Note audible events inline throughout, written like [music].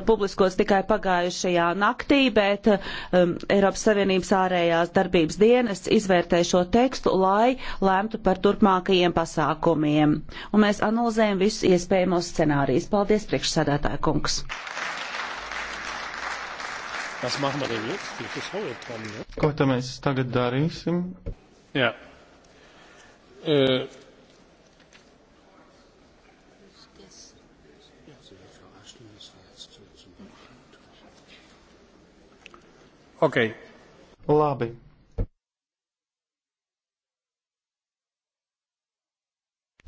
publiskots tikai pagājušajā naktī, bet um, Eiropas Savienības ārējās darbības dienas izvērtē šo tekstu, lai lemtu par turpmākajiem pasākumiem. Un mēs analizējam visus iespējamos scenārijus. Paldies, priekšsēdētāja kungs! Ko tad mēs tagad darīsim? Jā. Uh. Äh, Ok. Labi.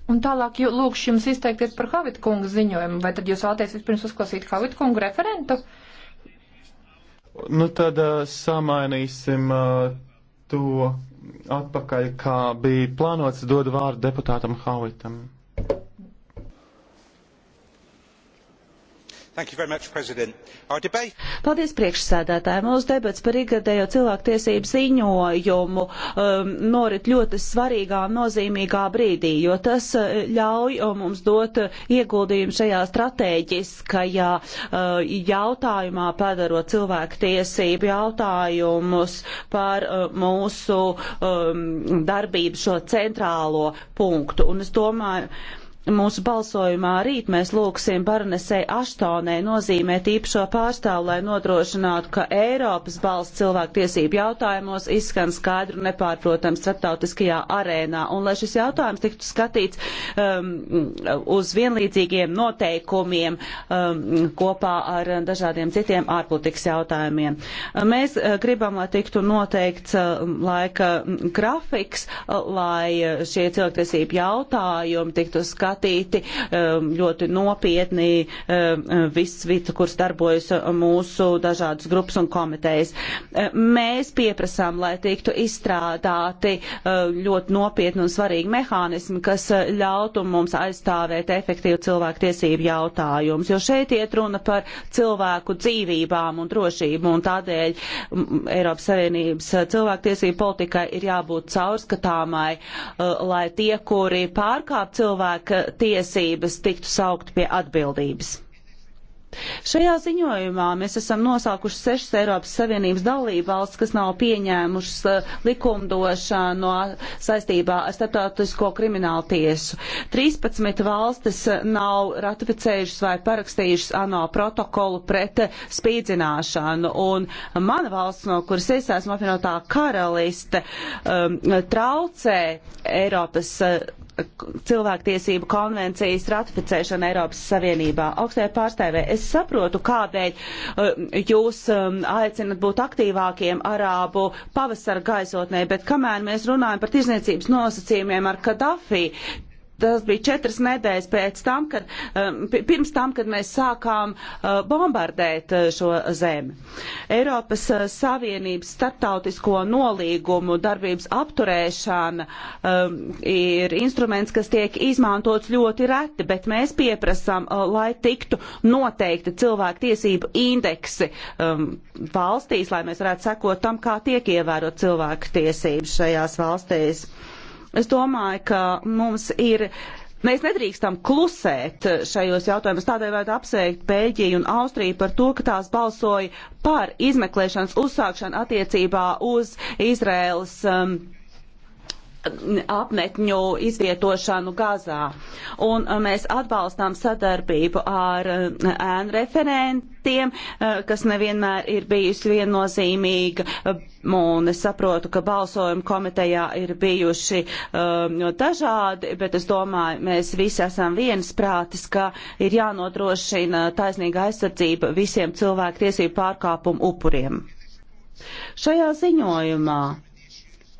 Un tālāk, jū, lūk, jums izteikties par Havitkunga ziņojumu, vai tad jūs vēlaties vispirms uzklausīt Havitkunga referentu? Nu tad uh, samainīsim uh, to atpakaļ, kā bija plānots, dod vārdu deputātam Havitam. Paldies priekšsēdētājiem. Mūsu debats par ikgadējo cilvēktiesību ziņojumu um, norit ļoti svarīgā un nozīmīgā brīdī, jo tas uh, ļauj um, mums dot uh, ieguldījumu šajā strateģiskajā uh, jautājumā, padarot cilvēktiesību jautājumus par uh, mūsu um, darbību šo centrālo punktu. Un es domāju, mūsu balsojumā rīt mēs lūksim baronesei Aštonē nozīmēt īpašo pārstāvu, lai nodrošinātu, ka Eiropas balss cilvēktiesību jautājumos izskan skaidru un nepārprotams starptautiskajā arēnā, un lai šis jautājums tiktu skatīts um, uz vienlīdzīgiem noteikumiem um, kopā ar dažādiem citiem ārpolitikas jautājumiem. Mēs uh, gribam, lai tiktu noteikts uh, laika grafiks, uh, lai uh, šie cilvēktiesību jautājumi tiktu skatīti skatīti um, ļoti nopietni um, viss vita, kurs darbojas mūsu dažādas grupas un komitejas. Um, mēs pieprasām, lai tiktu izstrādāti ļoti nopietni un svarīgi mehānismi, kas ļautu mums aizstāvēt efektīvu cilvēku tiesību jautājumus, jo šeit iet runa par cilvēku dzīvībām un drošību, un tādēļ Eiropas Savienības cilvēktiesību politikai ir jābūt caurskatāmai, uh, lai tie, kuri pārkāp cilvēka tiesības tiktu saukt pie atbildības. Šajā ziņojumā mēs esam nosaukuši sešas Eiropas Savienības dalību valsts, kas nav pieņēmušas eh, likumdošanu no saistībā ar starptautisko kriminālu tiesu. 13 valstis eh, nav ratificējušas vai parakstījušas ANO protokolu pret eh, spīdzināšanu. Un mana valsts, no kuras es esmu apvienotā karaliste, um, traucē Eiropas cilvēktiesību konvencijas ratificēšana Eiropas Savienībā. Augstajā pārstāvē es saprotu, kādēļ eh, jūs ehm, aicinat būt aktīvākiem arābu pavasara gaisotnē, bet kamēr mēs runājam par tirzniecības nosacījumiem ar Kadafi, tas bija četras nedēļas pēc tam, kad, um, pirms tam, kad mēs sākām uh, bombardēt uh, šo zemi. Eiropas uh, Savienības starptautisko nolīgumu darbības apturēšana um, ir instruments, kas tiek izmantots ļoti reti, bet mēs pieprasām, lai tiktu noteikti cilvēku tiesību indeksi um, valstīs, lai mēs varētu sekot tam, kā tiek ievērot cilvēku tiesības šajās valstīs. Es domāju, ka mums ir. Mēs nedrīkstam klusēt šajos jautājumos, tādēļ vajadzētu apsveikt Bēļģiju un Austriju par to, ka tās balsoja par izmeklēšanas uzsākšanu attiecībā uz Izraēlas um, apmetņu izvietošanu Gazā. Un uh, mēs atbalstām sadarbību ar uh, ēnu referentiem, uh, kas nevienmēr ir bijusi viennozīmīga. Un es saprotu, ka balsojumi komitejā ir bijuši um, dažādi, bet es domāju, mēs visi esam viensprātis, ka ir jānodrošina taisnīga aizsardzība visiem cilvēku tiesību pārkāpumu upuriem. Šajā ziņojumā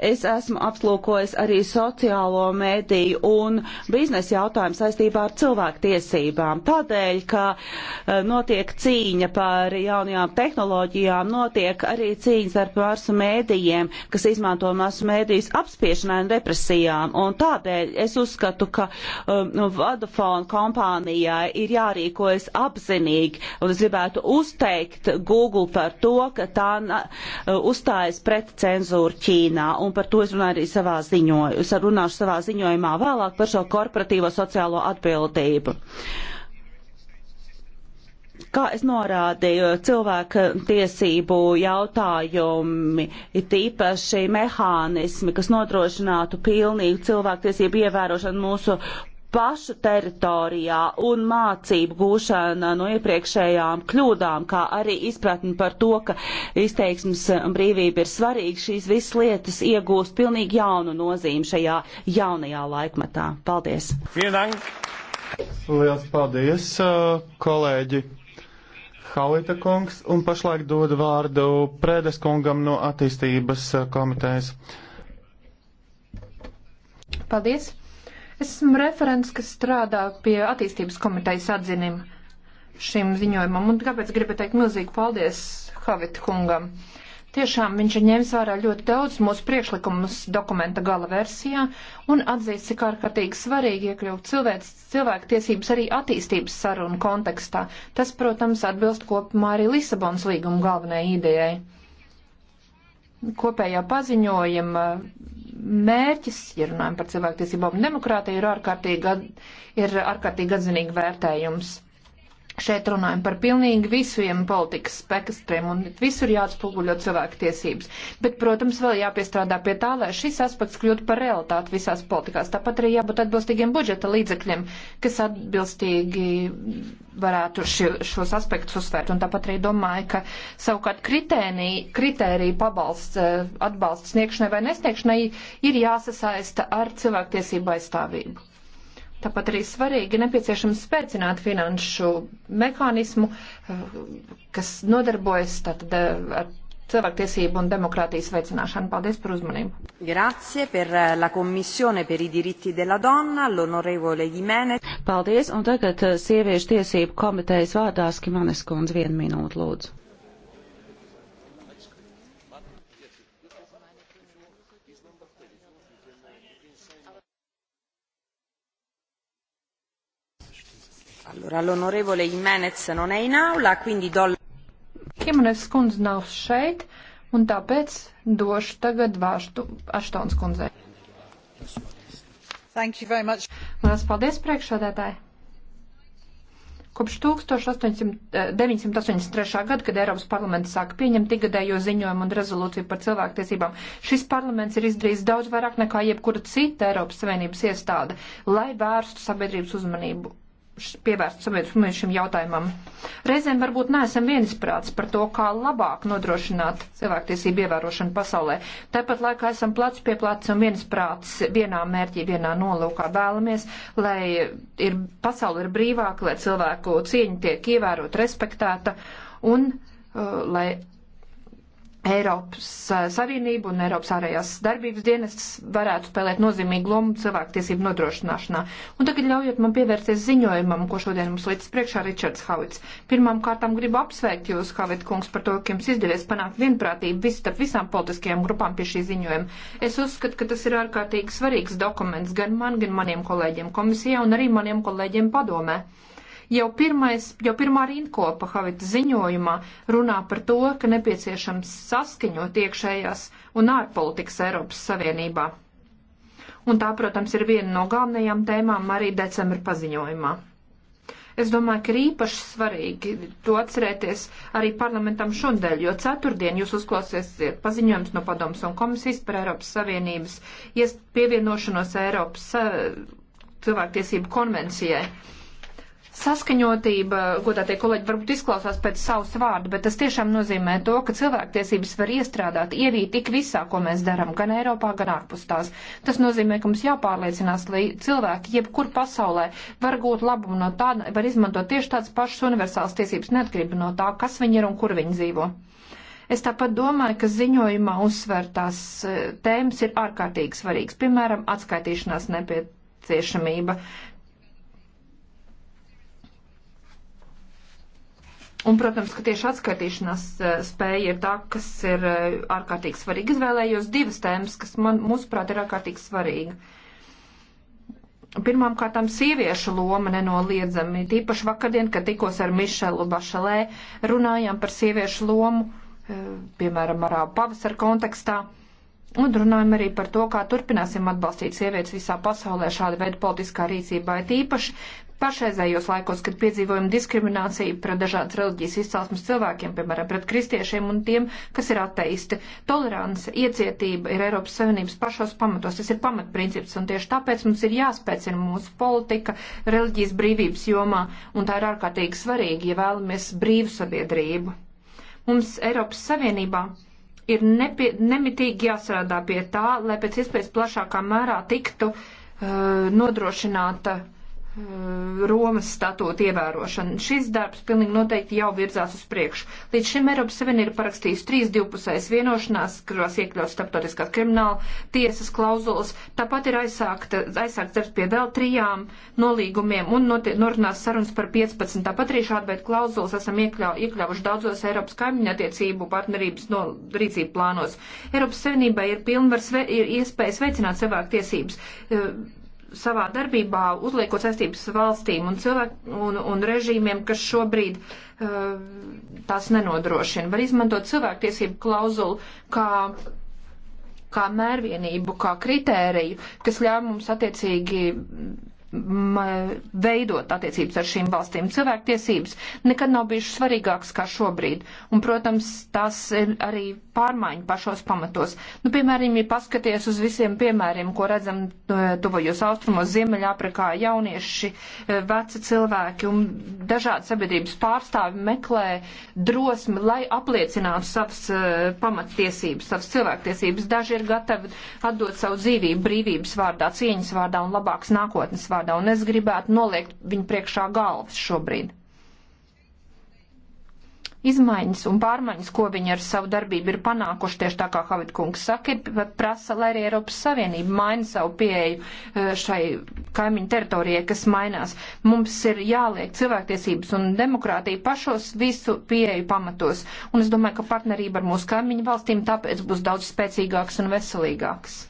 Es esmu apslūkojis arī sociālo mediju un biznesa jautājumu saistībā ar cilvēktiesībām. Tādēļ, ka eh, notiek cīņa par jaunajām tehnoloģijām, notiek arī cīņas ar masu mēdījiem, kas izmanto masu mēdījus apspiešanai un represijām. Un tādēļ es uzskatu, ka um, nu, Vodafone kompānijai ir jārīkojas apzinīgi, un es gribētu uzteikt Google par to, ka tā uh, uzstājas pret cenzūru Ķīnā. Un un par to es runāju arī savā ziņojumā, runāšu savā ziņojumā vēlāk par šo korporatīvo sociālo atbildību. Kā es norādīju, cilvēka tiesību jautājumi ir tīpaši mehānismi, kas nodrošinātu pilnīgu cilvēku tiesību ievērošanu mūsu pašu teritorijā un mācību gūšana no iepriekšējām kļūdām, kā arī izpratni par to, ka izteiksmes brīvība ir svarīga, šīs visas lietas iegūst pilnīgi jaunu nozīmi šajā jaunajā laikmatā. Paldies! Lielas paldies, uh, kolēģi! Halita kungs un pašlaik dodu vārdu Prēdes kungam no attīstības uh, komitejas. Paldies! Esmu referents, kas strādā pie attīstības komitejas atzinim šim ziņojumam, un kāpēc gribu teikt milzīgi paldies Havita kungam. Tiešām viņš ir ņēmis vērā ļoti daudz mūsu priekšlikumus dokumenta gala versijā un atzīst, cik ārkārtīgi svarīgi iekļaut cilvēks, cilvēku tiesības arī attīstības sarunu kontekstā. Tas, protams, atbilst kopumā arī Lisabons līguma galvenajai idejai. Kopējā paziņojuma mērķis, ja runājam par cilvēktiesībām un demokrātiju, ir ārkārtīgi, ir ārkārtīgi atzinīgi vērtējums. Šeit runājam par pilnīgi visiem politikas spektriem un visur jāatspoguļo cilvēku tiesības. Bet, protams, vēl jāpiestrādā pie tā, lai šis aspekts kļūtu par realitāti visās politikās. Tāpat arī jābūt atbilstīgiem budžeta līdzekļiem, kas atbilstīgi varētu ši, šos aspektus uzsvērt. Un tāpat arī domāju, ka savukārt kritērija, kritērija pabalsts, eh, atbalsts sniegšanai vai nesniegšanai ir jāsasaista ar cilvēktiesību aizstāvību. Tāpat arī svarīgi nepieciešams spēcināt finanšu mehānismu, eh, kas nodarbojas tātad eh, ar cilvēktiesību un demokrātijas veicināšanu. Paldies par uzmanību. Grazie per eh, la Commissione per i diritti della donna, l'onorevole Jimenez. Paldies, un tagad sieviešu tiesību komitejas vārdās Kimanes kundze vienu minūtu lūdzu. Allora, l'onorevole Jimenez non è in aula, quindi do... Jimenez kundze nav šeit, un tāpēc došu tagad vārstu Aštons kundzei. Thank you very much. Lielas paldies priekšādētāji. Kopš 1983. Eh, gada, kad Eiropas parlaments sāka pieņemt ikgadējo ziņojumu un rezolūciju par cilvēktiesībām, šis parlaments ir izdarījis daudz vairāk nekā jebkura cita Eiropas Savienības iestāde, lai vērstu sabiedrības uzmanību pievērst sabiedrību šim jautājumam. Reizēm varbūt neesam viensprāts par to, kā labāk nodrošināt cilvēktiesību ievērošanu pasaulē. Tāpat laikā esam plats pie plats un viensprāts vienā mērķī, vienā nolūkā vēlamies, lai ir, pasauli ir brīvāka, lai cilvēku cieņa tiek ievērot, respektēta un uh, lai Eiropas eh, Savienība un Eiropas ārējās darbības dienestas varētu spēlēt nozīmīgu lomu cilvēktiesību nodrošināšanā. Un tagad ļaujiet man pievērsties ziņojumam, ko šodien mums līdz priekšā Ričards Havits. Pirmām kārtām gribu apsveikt jūs, Havit kungs, par to, ka jums izdevies panākt vienprātību vis, starp visām politiskajām grupām pie šī ziņojuma. Es uzskatu, ka tas ir ārkārtīgi svarīgs dokuments gan man, gan maniem kolēģiem komisijā un arī maniem kolēģiem padomē. Jau, pirmais, jau pirmā rindkopa Havita ziņojumā runā par to, ka nepieciešams saskaņot iekšējās un ārpolitikas Eiropas Savienībā. Un tā, protams, ir viena no galvenajām tēmām arī decembra paziņojumā. Es domāju, ka ir īpaši svarīgi to atcerēties arī parlamentam šodien, jo ceturtdien jūs uzklausīsiet paziņojums no padomas un komisijas par Eiropas Savienības pievienošanos Eiropas eh, cilvēktiesību konvencijai. Saskaņotība, godātie kolēģi, varbūt izklausās pēc savas vārda, bet tas tiešām nozīmē to, ka cilvēktiesības var iestrādāt, ievīt tik visā, ko mēs darām, gan Eiropā, gan ārpus tās. Tas nozīmē, ka mums jāpārliecinās, lai cilvēki jebkur pasaulē var gūt labumu no tā, var izmantot tieši tādas pašas universālas tiesības, neatkarība no tā, kas viņi ir un kur viņi dzīvo. Es tāpat domāju, ka ziņojumā uzsvērtās eh, tēmas ir ārkārtīgi svarīgas, piemēram, atskaitīšanās nepieciešamība. Un, protams, ka tieši atskaitīšanās e, spēja ir tā, kas ir e, ārkārtīgi svarīga. Izvēlējos divas tēmas, kas man, mūsuprāt, ir ārkārtīgi svarīga. Pirmām kārtām sieviešu loma nenoliedzami. Tīpaši vakardien, kad tikos ar Mišelu Bašalē, runājām par sieviešu lomu, e, piemēram, arābu pavasara kontekstā. Un runājam arī par to, kā turpināsim atbalstīt sievietes visā pasaulē šāda veida politiskā rīcībā, tīpaši Pašreizējos laikos, kad piedzīvojam diskrimināciju pret dažādas reliģijas izcelsmes cilvēkiem, piemēram, pret kristiešiem un tiem, kas ir ateisti, tolerance, iecietība ir Eiropas Savienības pašos pamatos. Tas ir pamatprincips, un tieši tāpēc mums ir jāspēcina mūsu politika reliģijas brīvības jomā, un tā ir ārkārtīgi svarīgi, ja vēlamies brīvu sabiedrību. Mums Eiropas Savienībā ir nepie, nemitīgi jāstrādā pie tā, lai pēc iespējas plašākā mērā tiktu uh, nodrošināta Eh, Romas statūta ievērošana. Šis darbs pilnīgi noteikti jau virzās uz priekšu. Līdz šim Eiropas Savienība ir parakstījusi trīs divpusējas vienošanās, kurās iekļauts starptautiskās krimināla tiesas klauzulas. Tāpat ir aizsākta, aizsākts darbs pie vēl trijām nolīgumiem un norunās sarunas par 15. Tāpat arī šāda veida klauzulas esam iekļau, iekļaujuši daudzos Eiropas kaimiņu attiecību partnerības no rīcību plānos. Eiropas Savienībai ir pilnvars, ir iespējas veicināt cilvēku tiesības eh, savā darbībā uzliekot saistības valstīm un, cilvēku, un, un režīmiem, kas šobrīd uh, tās nenodrošina. Var izmantot cilvēktiesību klauzulu kā, kā mērvienību, kā kritēriju, kas ļauj mums attiecīgi veidot attiecības ar šīm valstīm. Cilvēktiesības nekad nav bijušas svarīgākas kā šobrīd, un, protams, tās ir arī pārmaiņa pašos pamatos. Nu, piemēram, ja paskaties uz visiem piemēriem, ko redzam e, tuvajos austrumos, Ziemeļāprikā, jaunieši, e, veci cilvēki un dažādi sabiedrības pārstāvi meklē drosmi, lai apliecinātu savas e, pamattiesības, savas cilvēktiesības. Daži ir gatavi atdot savu dzīvību brīvības vārdā, cieņas vārdā un labākas nākotnes vārdā vārdā, un es gribētu noliekt viņu priekšā galvas šobrīd. Izmaiņas un pārmaiņas, ko viņi ar savu darbību ir panākuši, tieši tā kā Havitkungs saka, ir prasa, lai arī Eiropas Savienība maina savu pieeju e, šai kaimiņu teritorijai, kas mainās. Mums ir jāliek cilvēktiesības un demokrātija pašos visu pieeju pamatos, un es domāju, ka partnerība ar mūsu kaimiņu valstīm tāpēc būs daudz spēcīgāks un veselīgāks.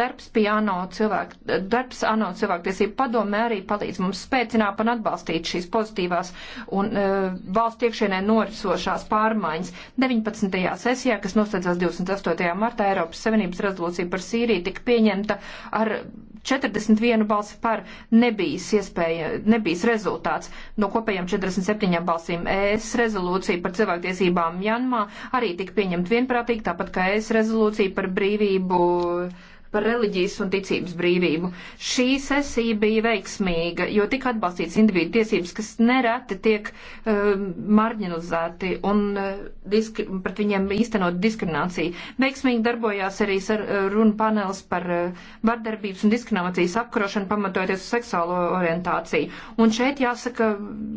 Darbs pie ANO cilvēku, darbs ANO cilvēktiesību padomē arī palīdz mums spēcināt un atbalstīt šīs pozitīvās un uh, valsts iekšienē norisošās pārmaiņas. 19. sesijā, kas noslēdzās 28. martā, Eiropas Savienības rezolūcija par Sīriju tika pieņemta ar 41 balsi par nebijis iespēja, nebijis rezultāts no kopējām 47 balsīm. ES rezolūcija par cilvēktiesībām Janmā arī tika pieņemta vienprātīgi, tāpat kā ES rezolūcija par brīvību par reliģijas un ticības brīvību. Šī sesija bija veiksmīga, jo tika atbalstīts individu tiesības, kas nereti tiek uh, marginalizēti un uh, diskri, pret viņiem īstenot diskrimināciju. Veiksmīgi darbojās arī sar, uh, runa panels par uh, vardarbības un diskrimināciju diskriminācijas apkarošanu pamatojoties uz seksuālo orientāciju. Un šeit jāsaka,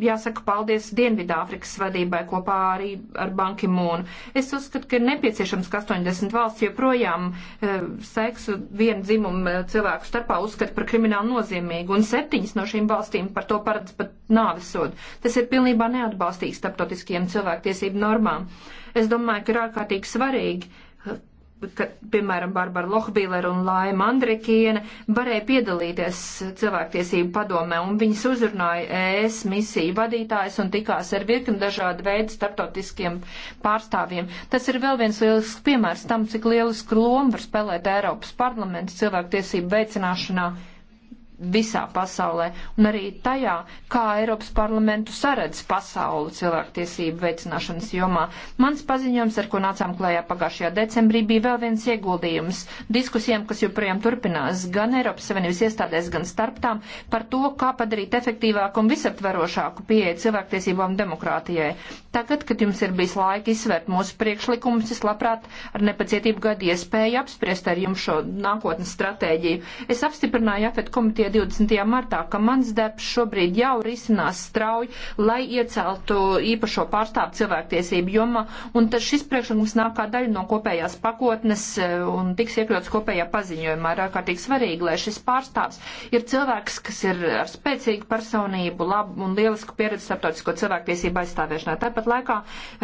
jāsaka paldies Dienvidāfrikas vadībai kopā arī ar Banki Mūnu. Es uzskatu, ka ir nepieciešams, ka 80 valsts joprojām e, seksu vienu dzimumu eh, cilvēku starpā uzskata par kriminālu nozīmīgu, un septiņas no šīm valstīm par to paredz pat nāvisodu. Tas ir pilnībā neatbalstīgs starptautiskajiem cilvēktiesību normām. Es domāju, ka ir ārkārtīgi svarīgi ka, piemēram, Barbara Lohbīler un Laima Andrikiene varēja piedalīties cilvēktiesību padomē, un viņas uzrunāja ES misiju vadītājs un tikās ar virkni dažādu veidu starptautiskiem pārstāvjiem. Tas ir vēl viens lielisks piemērs tam, cik lielisku lomu var spēlēt Eiropas parlaments cilvēktiesību veicināšanā visā pasaulē un arī tajā, kā Eiropas parlamentu saredz pasauli cilvēktiesību veicināšanas jomā. Mans paziņojums, ar ko nācām klājā pagājušajā decembrī, bija vēl viens ieguldījums diskusijām, kas joprojām turpinās gan Eiropas Savienības iestādēs, gan starp tām par to, kā padarīt efektīvāku un visaptverošāku pieeja cilvēktiesībām demokrātijai. Tagad, kad jums ir bijis laika izsvērt mūsu priekšlikumus, es labprāt ar nepacietību gadu iespēju apspriest ar jums šo nākotnes stratēģiju. Es apstiprināju AFET komitē 20. martā, ka mans darbs šobrīd jau risinās strauji, lai ieceltu īpašo pārstāvu cilvēktiesību jomā, un tad šis priekšlikums nāk kā daļa no kopējās pakotnes eh, un tiks iekļauts kopējā paziņojumā. Ir ārkārtīgi svarīgi, lai šis pārstāvs ir cilvēks, kas ir ar spēcīgu personību, labu un lielisku pieredzi starptautisko cilvēktiesību aizstāvēšanā. Tāpat Tāpat laikā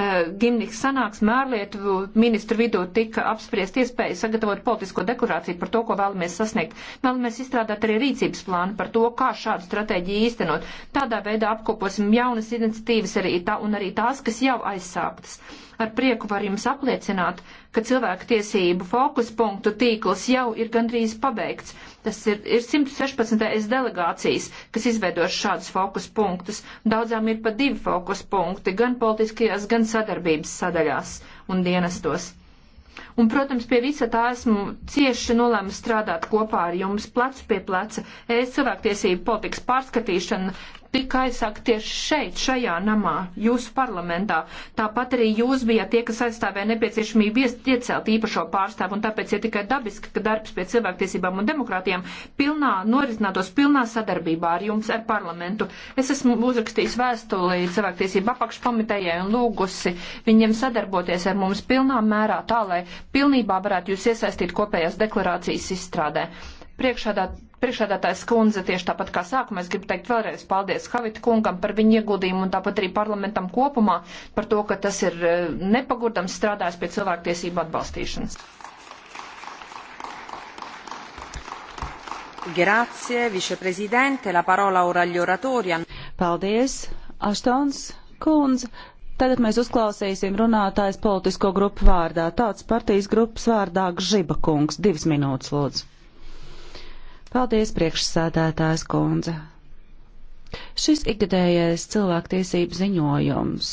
eh, gimniks sanāksmē ārlietu ministru vidū tika apspriest iespēja sagatavot politisko deklarāciju par to, ko vēlamies sasniegt. Vēlamies izstrādāt arī rīcības plānu par to, kā šādu stratēģiju īstenot. Tādā veidā apkoposim jaunas iniciatīvas arī tā, un arī tās, kas jau aizsāktas. Ar prieku var jums apliecināt, ka cilvēku tiesību fokuspunktu tīkls jau ir gandrīz pabeigts. Tas ir, ir 116 es delegācijas, kas izveido šādus fokuspunktus. Daudzām ir pa divi fokuspunkti, gan politiskajās, gan sadarbības sadaļās un dienestos. Un, protams, pie visa tā esmu cieši nolēma strādāt kopā ar jums plecu pie pleca. Es cilvēktiesību politikas pārskatīšana tika aizsākt tieši šeit, šajā namā, jūsu parlamentā. Tāpat arī jūs bijāt tie, kas aizstāvēja nepieciešamību iecelt īpašo pārstāvu, un tāpēc ir ja tikai dabiski, ka darbs pie cilvēktiesībām un demokrātijām pilnā, norisinātos pilnā sadarbībā ar jums, ar parlamentu. Es esmu uzrakstījis vēstuli cilvēktiesību apakškomitejai un lūgusi viņiem sadarboties ar mums pilnā mērā tā, lai pilnībā varētu jūs iesaistīt kopējās deklarācijas izstrādē. Priekšādā Priekšādātājs kundze, tieši tāpat kā sākumā, es gribu teikt vēlreiz paldies Havita kungam par viņu ieguldījumu un tāpat arī parlamentam kopumā par to, ka tas ir eh, nepagurdams strādājis pie cilvēktiesību atbalstīšanas. Grazie, viceprezidente. La parola ora agli oratori. Paldies, Aštons kundze. Tagad mēs uzklausīsim runātājs politisko grupu vārdā. Tāds partijas grupas vārdā Gžiba kungs. Divas minūtes, lūdzu. Paldies, priekšsēdētājs kundze. Šis ikgadējais cilvēktiesību ziņojums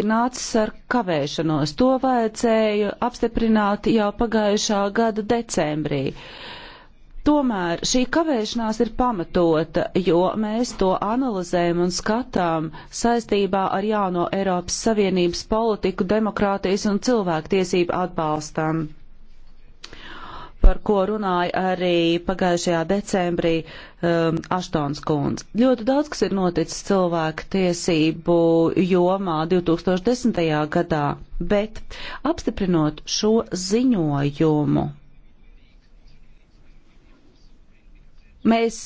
ir nācis ar kavēšanos. To vajadzēja apstiprināt jau pagājušā gada decembrī. Uh, Tomēr šī kavēšanās ir pamatota, jo mēs to analizējam un skatām saistībā ar jauno Eiropas Savienības politiku, demokrātijas un cilvēktiesību atbalstam, par ko runāja arī pagājušajā decembrī um, Aštons kundze. Ļoti daudz, kas ir noticis cilvēku tiesību jomā 2010. gadā, bet apstiprinot šo ziņojumu Mēs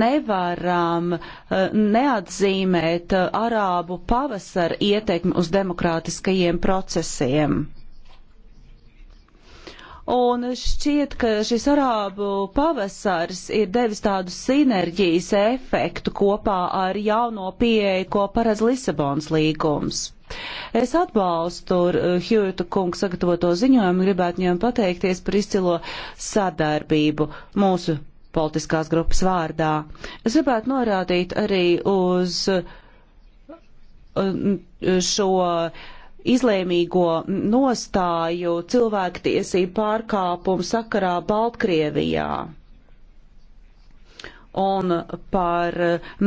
nevaram eh, neatzīmēt eh, arābu pavasara ietekmi uz demokrātiskajiem procesiem. Un šķiet, ka šis arābu pavasars ir devis tādu sinerģijas efektu kopā ar jauno pieeju, ko paredz Lisabons līgums. Es atbalstu eh, Hjūta kungu sagatavoto ziņojumu un gribētu viņam pateikties par izcilo sadarbību mūsu politiskās grupas vārdā. Es gribētu norādīt arī uz uh, šo izlēmīgo nostāju cilvēktiesību pārkāpumu sakarā Baltkrievijā un par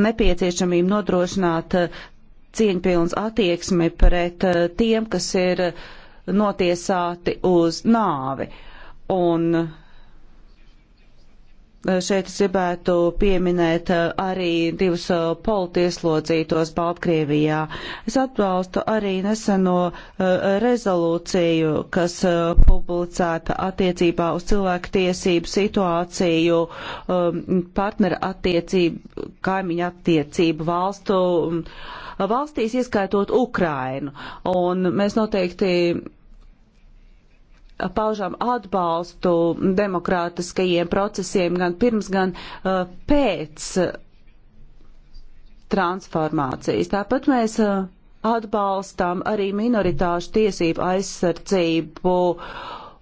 nepieciešamību nodrošināt cieņpilns attieksmi pret uh, tiem, kas ir notiesāti uz nāvi. Un šeit gribētu pieminēt eh, arī divus eh, politieslodzītos Baltkrievijā. Es atbalstu arī neseno eh, rezolūciju, kas publicēta attiecībā uz cilvēku tiesību situāciju, partnera attiecību, kaimiņa attiecību valstu mm, valstīs, ieskaitot Ukrainu. Un mēs noteikti paužam atbalstu demokrātiskajiem procesiem gan pirms, gan uh, pēc transformācijas. Tāpat mēs uh, atbalstam arī minoritāšu tiesību aizsardzību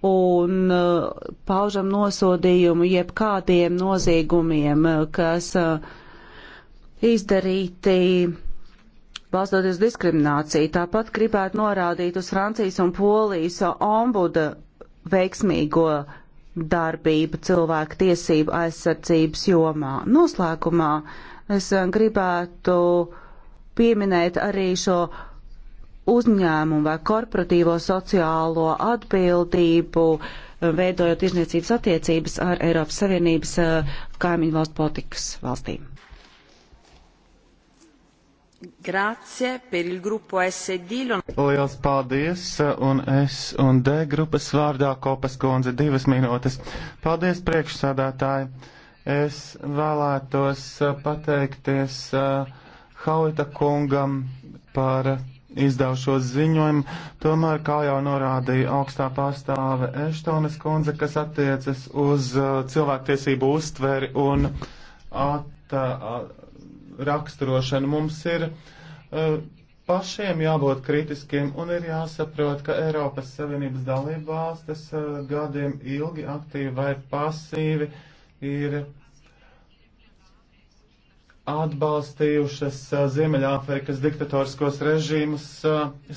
un uh, paužam nosodījumu jebkādiem noziegumiem, uh, kas uh, izdarīti balstoties diskrimināciju. Tāpat gribētu norādīt uz Francijas un Polijas ombuda veiksmīgo darbību cilvēku tiesību aizsardzības jomā. Noslēgumā es gribētu pieminēt arī šo uzņēmumu vai korporatīvo sociālo atbildību, veidojot izniecības attiecības ar Eiropas Savienības eh, kaimiņu valstu politikas valstīm. Grācie per il grupo SD. Lielas paldies, uh, un es un D grupas vārdā Kopas kundze divas minūtes. Paldies, priekšsādātāji. Es vēlētos uh, pateikties uh, Haulita kungam par izdaušos ziņojumu. Tomēr, kā jau norādīja augstā pārstāve Eštonas kundze, kas attiecas uz uh, cilvēktiesību uztveri un at, uh, raksturošanu. Mums ir uh, pašiem jābūt kritiskiem un ir jāsaprot, ka Eiropas Savienības dalībvalstis uh, gadiem ilgi aktīvi vai pasīvi ir atbalstījušas eh, Ziemeļāfrikas diktatoriskos režīmus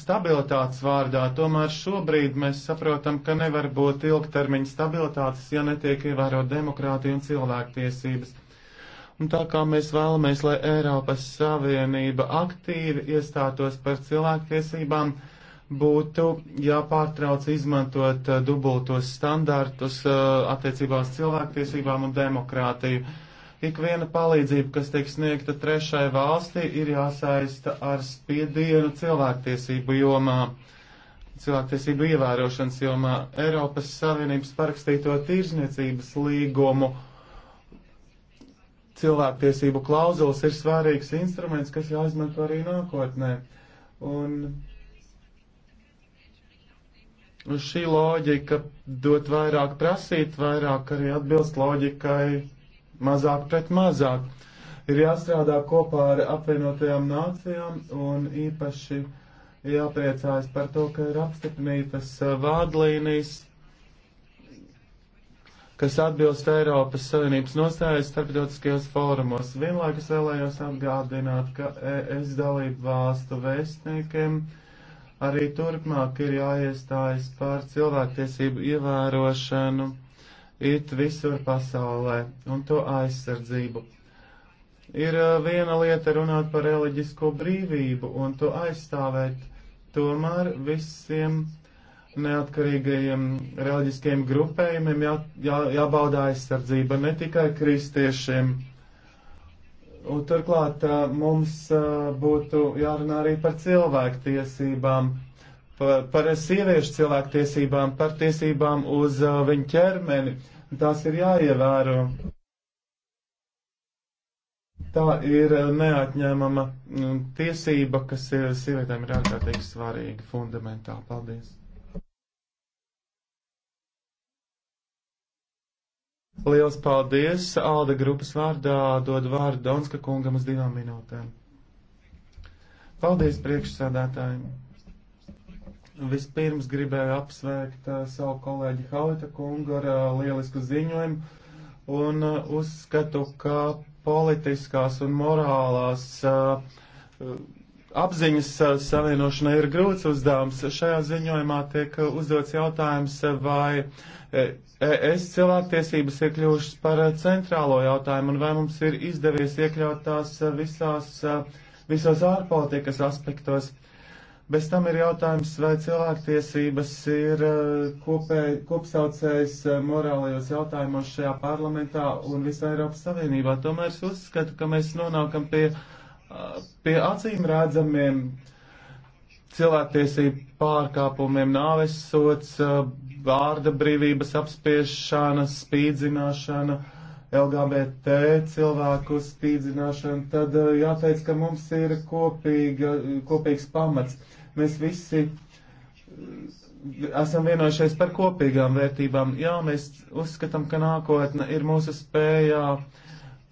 stabilitātes vārdā. Tomēr šobrīd mēs saprotam, ka nevar būt ilgtermiņa stabilitātes, ja netiek ievērot demokrātija un cilvēktiesības. Un tā kā mēs vēlamies, lai Eiropas Savienība aktīvi iestātos par cilvēktiesībām, būtu jāpārtrauc izmantot eh, dubultos standartus eh, attiecībās cilvēktiesībām un demokrātiju. Ikviena palīdzība, kas tiek sniegta trešai valstī, ir jāsaista ar spiedienu cilvēktiesību jomā cilvēktiesību ievērošanas jomā Eiropas Savienības parakstīto tirzniecības līgumu cilvēktiesību klauzulas ir svarīgs instruments, kas jāizmanto arī nākotnē. Un šī loģika dot vairāk prasīt, vairāk arī atbilst loģikai mazāk pret mazāk. Ir jāstrādā kopā ar apvienotajām nācijām un īpaši jāpriecājas par to, ka ir apstiprinātas vādlīnijas kas atbilst Eiropas Savienības nostājas starptautiskajos fórumos. Vienlaikus vēlējos atgādināt, ka ES dalību valstu vēstniekiem arī turpmāk ir jāiestājas pār cilvēktiesību ievērošanu it visur pasaulē un to aizsardzību. Ir viena lieta runāt par reliģisko brīvību un to aizstāvēt, tomēr visiem neatkarīgajiem reliģiskiem grupējumiem jā, jā, jābauda aizsardzība ne tikai kristiešiem. Un turklāt mums būtu jārunā arī par cilvēktiesībām, par, par sieviešu cilvēktiesībām, par tiesībām uz viņu ķermeni. Tās ir jāievēro. Tā ir neatņēmama tiesība, kas ir sievietēm ir ārkārtīgi svarīga, fundamentāli. Paldies! Liels paldies! Alda grupas vārdā dod vārdu Donska kungam uz divām minūtēm. Paldies priekšsādātājiem! Vispirms gribēju apsveikt uh, savu kolēģi Halita kungu ar uh, lielisku ziņojumu un uh, uzskatu, ka politiskās un morālās uh, apziņas uh, savienošanai ir grūts uzdevums. Šajā ziņojumā tiek uzdots jautājums, vai eh, Es cilvēktiesības ir kļuvušas par e, centrālo jautājumu, un vai mums ir izdevies iekļaut tās e, visās, e, visos ārpolitikas aspektos. Bez tam ir jautājums, vai cilvēktiesības ir kopē, kopsaucējs morālajos jautājumos šajā parlamentā un visā Eiropas Savienībā. Tomēr es uzskatu, ka mēs nonākam pie, pie acīm redzamiem cilvēktiesību pārkāpumiem, nāves sots, vārda brīvības apspiešana, spīdzināšana, LGBT cilvēku spīdzināšana, tad eh, jāteic, ka mums ir kopīga, kopīgs pamats. Mēs visi eh, esam vienojušies par kopīgām vērtībām. Jā, mēs uzskatām, ka nākotne ir mūsu spējā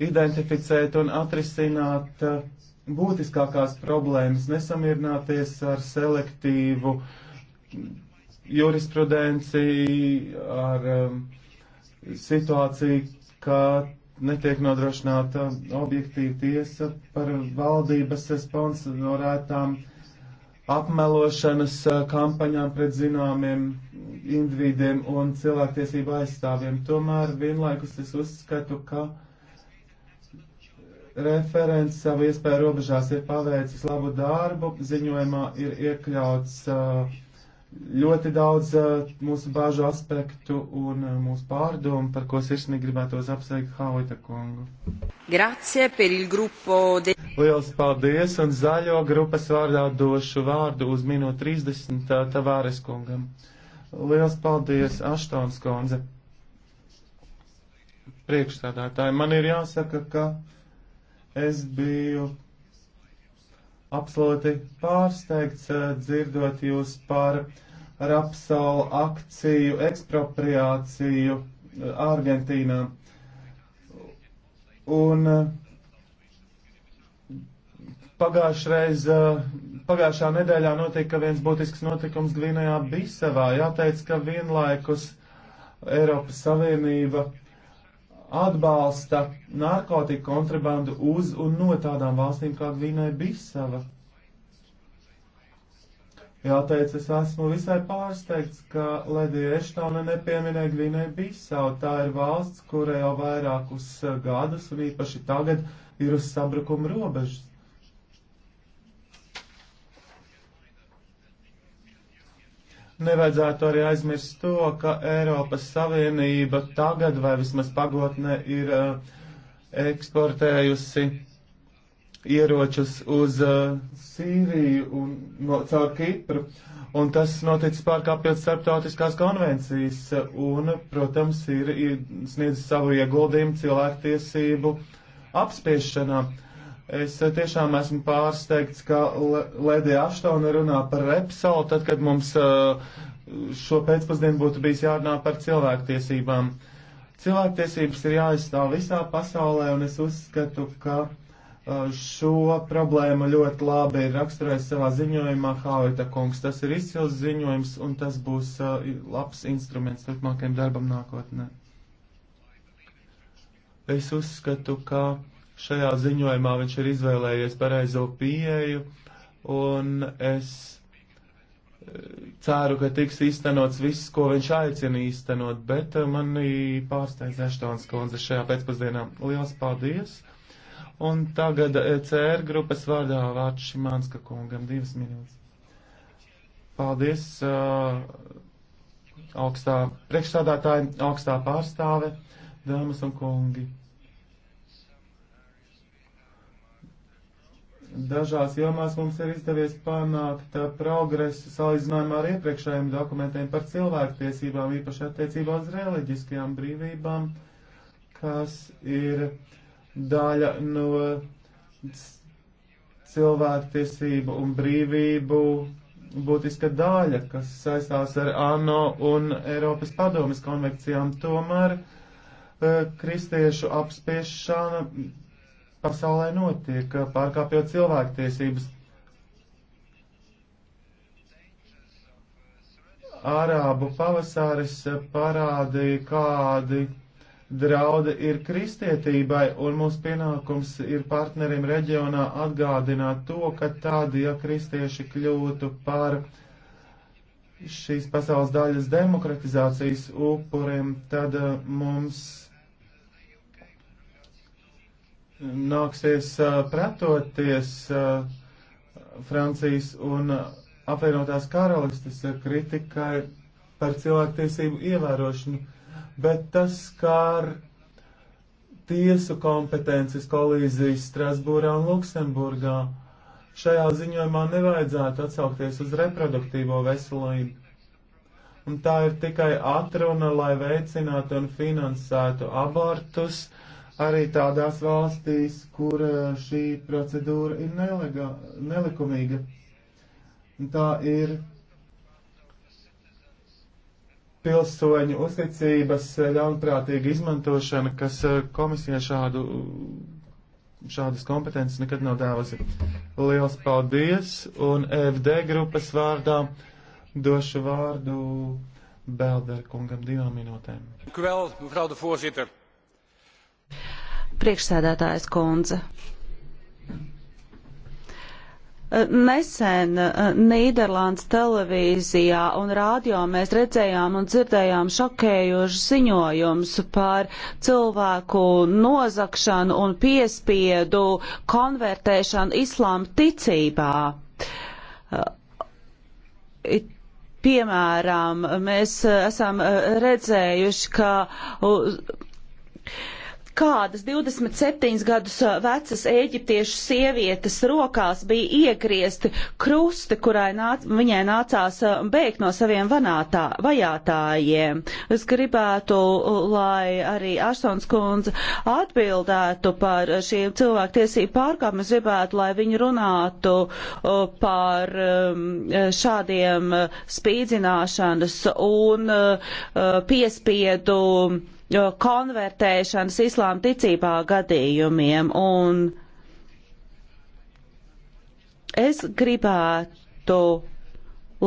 identificēt un atrisināt eh, būtiskākās problēmas, nesamierināties ar selektīvu jurisprudenci, ar um, situāciju, kā netiek nodrošināta objektīva tiesa par valdības sponsorētām apmelošanas uh, kampaņām pret zināmiem individiem un cilvēktiesību aizstāvjiem. Tomēr vienlaikus es uzskatu, ka referents savu iespēju robežās ir paveicis labu darbu, ziņojumā ir iekļauts uh, ļoti daudz uh, mūsu bāžu aspektu un uh, mūsu pārdomu, par ko sirsnīgi gribētos apsveikt Hauita kungu. Grazie per il gruppo de... Liels paldies un zaļo grupas vārdā došu vārdu uz minūtu 30 uh, Tavāres kungam. Liels paldies, Aštons kundze. Priekšstādātāji, man ir jāsaka, ka es biju absolūti pārsteigts uh, dzirdot jūs par uh, rapsola akciju ekspropriāciju eh, Argentīnā. Un eh, pagājušreiz, eh, pagājušā nedēļā notika viens būtisks notikums Gvinējā Bisavā. Jāteic, ka vienlaikus Eiropas Savienība atbalsta narkotiku kontrabandu uz un no tādām valstīm kā Gvinēja Bisava. Jāteic, es esmu visai pārsteigts, ka Ledija Eštāne nepieminē Gvinēju Bisau. Tā ir valsts, kura jau vairākus eh, gadus un īpaši tagad ir uz sabrukuma robežas. Nevajadzētu arī aizmirst to, ka Eiropas Savienība tagad vai vismaz pagotnē ir uh, eksportējusi ieročus uz uh, Sīriju un no, caur Kipru. Un tas noticis pārkāpjot starptautiskās konvencijas uh, un, protams, ir, ir sniedz savu ieguldījumu cilvēktiesību apspiešanā. Es uh, tiešām esmu pārsteigts, ka Lēdija Aštona runā par Repsolu, tad, kad mums uh, šo pēcpusdienu būtu bijis jārunā par cilvēktiesībām. Cilvēktiesības ir jāizstāv visā pasaulē, un es uzskatu, ka uh, Uh, šo problēmu ļoti labi ir raksturējis savā ziņojumā Hāvita kungs. Tas ir izcils ziņojums un tas būs uh, labs instruments turpmākajam darbam nākotnē. Es uzskatu, ka šajā ziņojumā viņš ir izvēlējies pareizo pieeju un es uh, ceru, ka tiks īstenots viss, ko viņš aicina īstenot, bet mani pārsteidz Eštons kundze šajā pēcpusdienā. Lielas paldies! Un tagad ECR grupas vārdā vārds Šimanska kungam divas minūtes. Paldies, uh, augstā priekšstādātāja, augstā pārstāve, dāmas un kungi. Dažās jomās mums ir izdevies panākt progresu salīdzinājumā ar iepriekšējiem dokumentiem par cilvēktiesībām, īpaši attiecībā uz reliģiskajām brīvībām, kas ir daļa no cilvēktiesību un brīvību būtiska daļa, kas saistās ar ANO un Eiropas padomis konvekcijām. Tomēr e, kristiešu apspiešana pasaulē notiek, pārkāpjot cilvēktiesības. Arābu pavasaris parādīja, kādi Drauda ir kristietībai, un mūsu pienākums ir partneriem reģionā atgādināt to, ka tādi, ja kristieši kļūtu par šīs pasaules daļas demokratizācijas upuriem, tad eh, mums nāksies eh, pretoties eh, Francijas un apvienotās karalistes kritikai par cilvēktiesību ievērošanu bet tas skār tiesu kompetences kolīzijas Strasbūrā un Luksemburgā. Šajā ziņojumā nevajadzētu atsaukties uz reproduktīvo veselību. Un tā ir tikai atruna, lai veicinātu un finansētu abortus arī tādās valstīs, kur eh, šī procedūra ir nelegā, nelikumīga. Un tā ir pilsoņu uzticības eh, ļaunprātīga izmantošana, kas eh, komisija šādu, šādas kompetences nekad nav devusi. Liels paldies! Un FD grupas vārdā došu vārdu Belderkungam divām minūtēm. Kvēl, mevrouw de voorzitter. Priekšsēdētājs Konze. Nesen eh, Nīderlandes televīzijā un rādio mēs redzējām un dzirdējām šokējošu ziņojums par cilvēku nozakšanu un piespiedu konvertēšanu islāma ticībā. Eh, it Piemēram, mēs eh, esam redzējuši, ka kādas 27 gadus vecas eģiptiešu sievietes rokās bija iegriezti krusti, kurai nāc, viņai nācās bēgt no saviem vanātā, vajātājiem. Es gribētu, lai arī Aštons kundze atbildētu par šiem cilvēktiesību pārkāpumiem. Es gribētu, lai viņi runātu par šādiem spīdzināšanas un piespiedu konvertēšanas islāma ticībā gadījumiem. Un es gribētu,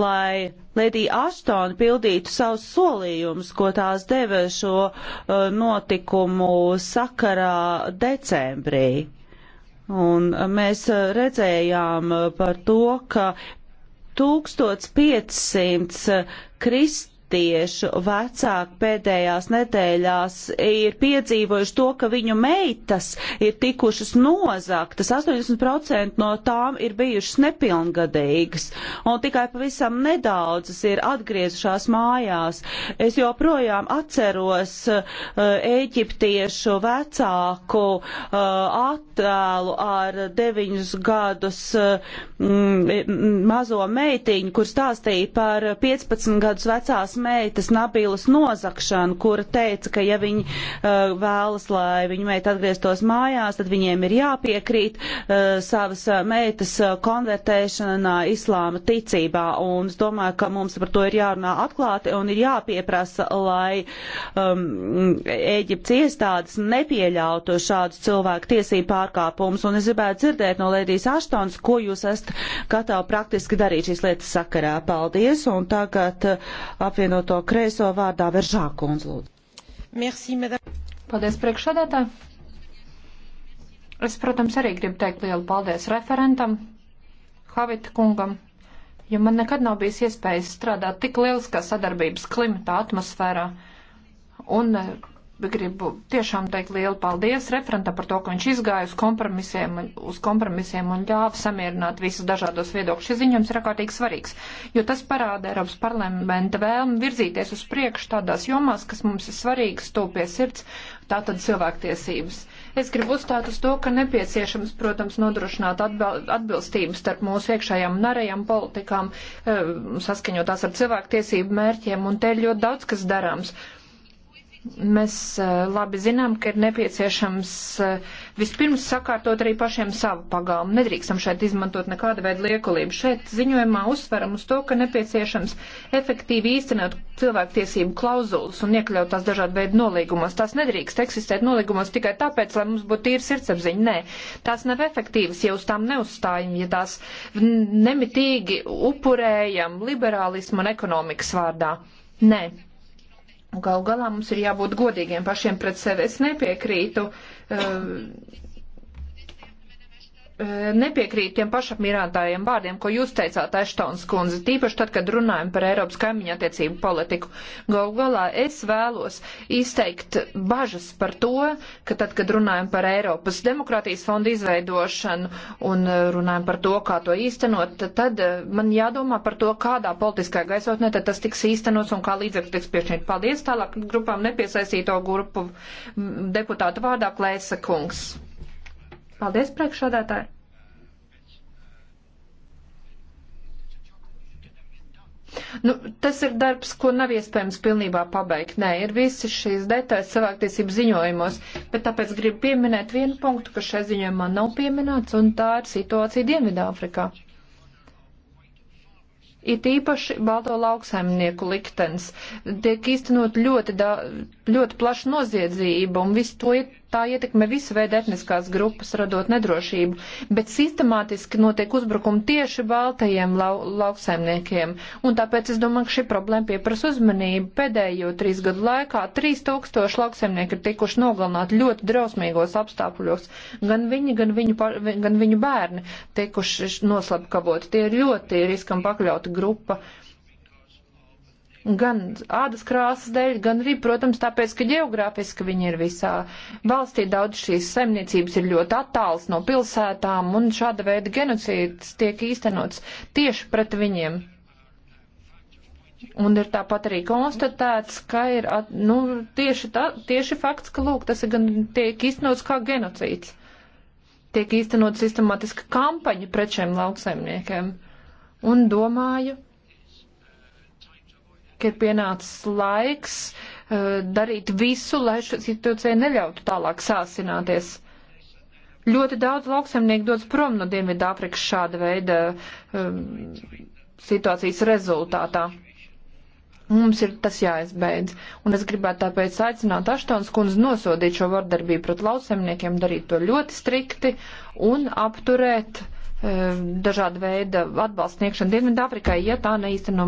lai Ledija Aštona pildītu savus solījumus, ko tās deva šo uh, notikumu sakarā decembrī. Un mēs uh, redzējām uh, par to, ka 1500 kristieši Tieši vecāki pēdējās nedēļās ir piedzīvojuši to, ka viņu meitas ir tikušas nozaktas. 80% no tām ir bijušas nepilngadīgas, un tikai pavisam nedaudzas ir atgriezušās mājās. Es joprojām atceros uh, eģiptiešu vecāku uh, attēlu ar deviņus gadus uh, mazo meitiņu, kur stāstīja par 15 gadus vecās meitas Nabilas nozakšanu, kura teica, ka ja viņi uh, vēlas, lai viņu meita atgrieztos mājās, tad viņiem ir jāpiekrīt uh, savas eh, meitas konvertēšanā islāma ticībā. Un es domāju, ka mums par to ir jārunā atklāti un ir jāpieprasa, lai um, Eģipts iestādes nepieļautu šādus cilvēku tiesību pārkāpumus. Un es gribētu dzirdēt no Lēdijas Aštons, ko jūs esat gatavi praktiski darīt šīs lietas sakarā. Paldies! Un tagad apvien apvienoto kreiso vārdā Veržākons lūdzu. Merci, madame. Paldies, priekšsādātā. Es, protams, arī gribu teikt lielu paldies referentam, Havita kungam, jo man nekad nav bijis iespējas strādāt tik lieliskā sadarbības klimata atmosfērā. Un gribu tiešām teikt lielu paldies referentam par to, ka viņš izgāja uz kompromisiem, uz kompromisiem un ļāva samierināt visus dažādos viedokļus. Šis ziņojums ir ārkārtīgi svarīgs, jo tas parāda Eiropas parlamenta vēlmi virzīties uz priekšu tādās jomās, kas mums ir svarīgas, to pie sirds, tātad cilvēktiesības. Es gribu uzstāt uz to, ka nepieciešams, protams, nodrošināt atbilstību starp mūsu iekšējām un ārējām politikām, eh, saskaņotās ar cilvēktiesību mērķiem, un te ir ļoti daudz, kas darāms. Mēs eh, labi zinām, ka ir nepieciešams eh, vispirms sakārtot arī pašiem savu pagalmu. Nedrīkstam šeit izmantot nekāda veida liekulību. Šeit ziņojumā uzsveram uz to, ka nepieciešams efektīvi īstenot cilvēktiesību klauzulas un iekļaut tās dažādu veidu nolīgumos. Tās nedrīkst eksistēt nolīgumos tikai tāpēc, lai mums būtu tīra sirdsapziņa. Nē, tās nav efektīvas, ja uz tām neuzstājam, ja tās nemitīgi upurējam liberālismu un ekonomikas vārdā. Nē. Gal galā mums ir jābūt godīgiem pašiem pret sevi. Es nepiekrītu. Uh, E, nepiekrīt tiem pašapmierinātājiem vārdiem, ko jūs teicāt, Eštons kundze, tīpaši tad, kad runājam par Eiropas kaimiņa attiecību politiku. Galu galā es vēlos izteikt bažas par to, ka tad, kad runājam par Eiropas demokrātijas fondu izveidošanu un e, runājam par to, kā to īstenot, tad e, man jādomā par to, kādā politiskā gaisotnē tad tas tiks īstenots un kā līdzekļi tiks piešķirt. Paldies tālāk grupām nepiesaistīto grupu deputātu vārdā Klēsa kungs. Paldies, priekšādātāji! Nu, tas ir darbs, ko nav iespējams pilnībā pabeigt. Nē, ir visas šīs detaļas savāktiesību ziņojumos, bet tāpēc gribu pieminēt vienu punktu, kas šai ziņojumā nav pieminēts, un tā ir situācija Dienvidāfrikā. It īpaši balto lauksaimnieku liktenis. Tiek īstenot ļoti, da, ļoti plaša noziedzība, un visu to ir Tā ietekmē visu veidu etniskās grupas, radot nedrošību, bet sistemātiski notiek uzbrukumi tieši baltajiem lau, lauksaimniekiem. Un tāpēc es domāju, ka šī problēma pieprasa uzmanību. Pēdējo trīs gadu laikā 3000 lauksaimnieki ir tikuši nogalināti ļoti drausmīgos apstākļos. Gan viņi, gan viņu, gan viņu bērni tikuši noslapkavoti. Tie ir ļoti riskam pakļauta grupa. Uh, gan ādas krāsas dēļ, gan arī, protams, tāpēc, ka geogrāfiski viņi ir visā valstī. Daudz šīs saimniecības ir ļoti attāls no pilsētām, un šāda veida genocīds tiek īstenots tieši pret viņiem. Un ir tāpat arī konstatēts, ka ir at, nu, tieši, tā, tieši fakts, ka lūk, tas ir gan tiek īstenots kā genocīds. Tiek īstenot sistemātiska kampaņa pret šiem lauksaimniekiem. Un domāju, ka ir pienācis laiks uh, darīt visu, lai šī situācija neļautu tālāk sāsināties. Ļoti daudz lauksemnieku dodas prom no Dienvidāfrikas šāda veida um, situācijas rezultātā. Mums ir tas jāizbeidz, un es gribētu tāpēc aicināt Aštons kundz nosodīt šo vardarbību pret lauksemniekiem, darīt to ļoti strikti un apturēt uh, Um, dažāda veida atbalsta sniegšana Dienvidāfrikai, ja tā neīsteno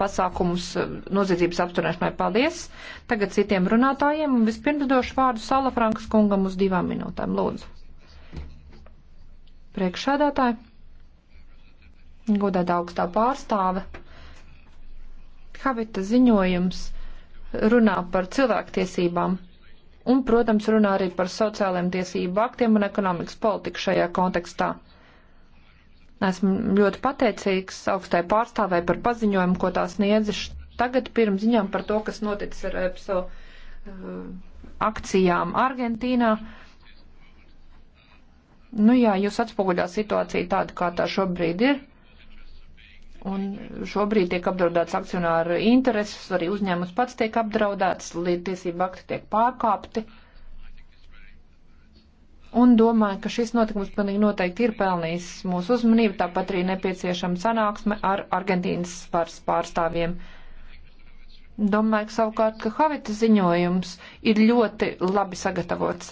pasākumus uh, noziedzības apturēšanai. Paldies! Tagad citiem runātājiem un vispirms došu vārdu Sala Frankas kungam uz divām minūtēm. Lūdzu! Priekšsēdētāji, godētā augstā pārstāve, Havita ziņojums runā par cilvēktiesībām un, protams, runā arī par sociāliem tiesību aktiem un ekonomikas politiku šajā kontekstā. Esmu ļoti pateicīgs augstai pārstāvē par paziņojumu, ko tās niedzis tagad pirms ziņām par to, kas noticis ar EPSO uh, akcijām Argentīnā. Nu jā, jūs atspoguļāt situāciju tādu, kā tā šobrīd ir. Un šobrīd tiek apdraudēts akcionāru intereses, arī uzņēmums pats tiek apdraudēts, līdz tiesību akti tiek pārkāpti. Uh, un domāju, ka šis notikums pilnīgi noteikti ir pelnījis mūsu uzmanību, tāpat arī nepieciešama sanāksme ar Argentīnas varas pārstāvjiem. Domāju, ka savukārt, ka Havita ziņojums ir ļoti labi sagatavots.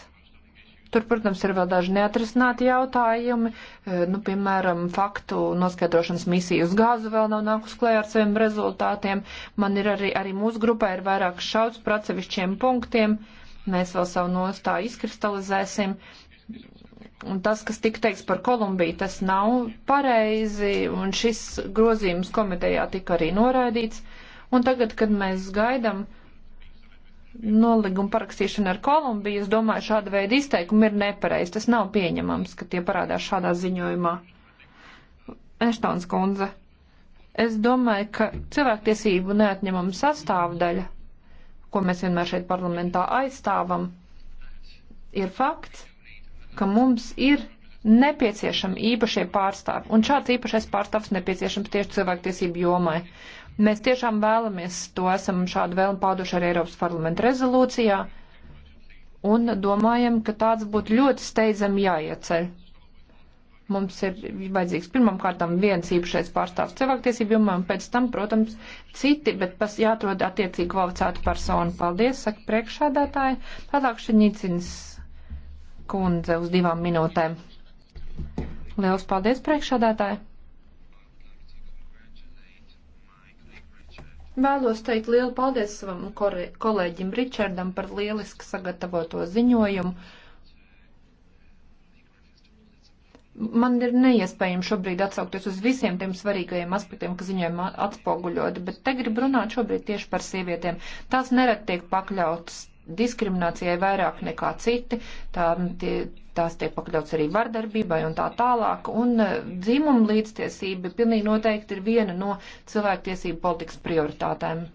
Tur, protams, ir vēl daži neatrisināti jautājumi, e, nu, piemēram, faktu noskaidrošanas misija uz gāzu vēl nav nākus klējā ar saviem rezultātiem. Man ir arī, arī mūsu grupā ir vairāk šauts par atsevišķiem punktiem. Mēs vēl savu nostāju izkristalizēsim, Un tas, kas tika teiks par Kolumbiju, tas nav pareizi, un šis grozījums komitejā tika arī noraidīts. Un tagad, kad mēs gaidam nolīgumu parakstīšanu ar Kolumbiju, es domāju, šāda veida izteikumi ir nepareizi. Tas nav pieņemams, ka tie parādās šādā ziņojumā. Eštons kundze, es domāju, ka cilvēktiesību neatņemama sastāvdaļa, ko mēs vienmēr šeit parlamentā aizstāvam, ir fakts ka mums ir nepieciešami īpašie pārstāvi, un šāds īpašais pārstāvs nepieciešams tieši cilvēktiesību jomai. Mēs tiešām vēlamies, to esam šādu vēlmu pāduši arī Eiropas parlamenta rezolūcijā, un domājam, ka tāds būtu ļoti steidzami jāieceļ mums ir vajadzīgs pirmam kārtam viens īpašais pārstāvs cilvēktiesību jomā, un pēc tam, protams, citi, bet pas jāatrod attiecīgi kvalificētu personu. Paldies, saka priekšādātāji. Tālāk Šeņicins kundze uz divām minūtēm. Liels paldies priekšādātāji! Vēlos teikt lielu paldies savam kolēģim Ričardam par lieliski sagatavoto ziņojumu. Man ir neiespējami šobrīd atsaukties uz visiem tiem svarīgajiem aspektiem, kas ziņojumā atspoguļot, bet te grib runāt šobrīd tieši par sievietēm. Tās nerad tiek pakļautas diskriminācijai vairāk nekā citi, tā, tie, tās tiek pakļauts arī vardarbībai un tā tālāk, un eh, dzimuma līdztiesība pilnīgi noteikti ir viena no cilvēktiesību politikas prioritātēm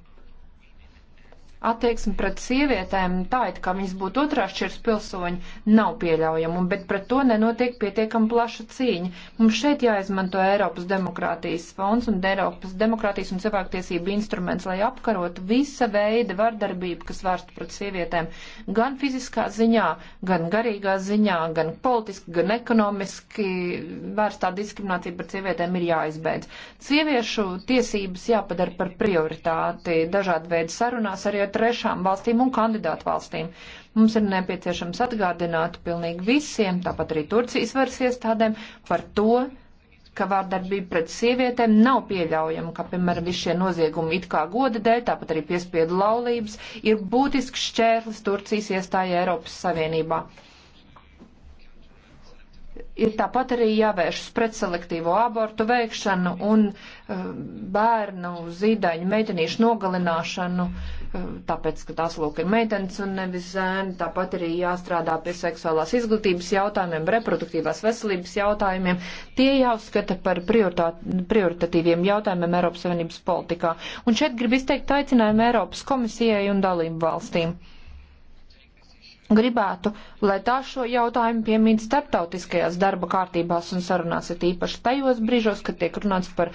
attieksme pret sievietēm tā, it kā viņas būtu otrās šķirs pilsoņi, nav pieļaujama, bet pret to nenotiek pietiekam plaša cīņa. Mums šeit jāizmanto Eiropas demokrātijas fonds un Eiropas demokrātijas un cilvēktiesību instruments, lai apkarotu visa veida vardarbību, kas vērsta pret sievietēm, gan fiziskā ziņā, gan garīgā ziņā, gan politiski, gan ekonomiski vērstā diskriminācija pret sievietēm ir jāizbeidz. Sieviešu tiesības jāpadara par prioritāti dažādu veidu sarunās arī ar trešām valstīm un kandidātu valstīm. Mums ir nepieciešams atgādināt pilnīgi visiem, tāpat arī Turcijas varas iestādēm, par to, ka vārdarbība pret sievietēm nav pieļaujama, ka, piemēram, visi šie noziegumi it kā goda dēļ, tāpat arī piespiedu laulības, ir būtisks šķērslis Turcijas iestājai Eiropas Savienībā ir tāpat arī jāvēršas pret selektīvo abortu veikšanu un uh, bērnu zīdaiņu meitenīšu nogalināšanu, uh, tāpēc, ka tās lūk ir meitenes un nevis zēni, tāpat arī jāstrādā pie seksuālās izglītības jautājumiem, reproduktīvās veselības jautājumiem. Tie jāuzskata par prioritatīviem jautājumiem Eiropas Savienības politikā. Un šeit grib izteikt aicinājumu Eiropas komisijai un dalību valstīm gribētu, lai tā šo jautājumu piemīt starptautiskajās darba kārtībās un sarunās, ir īpaši tajos brīžos, kad tiek runāts par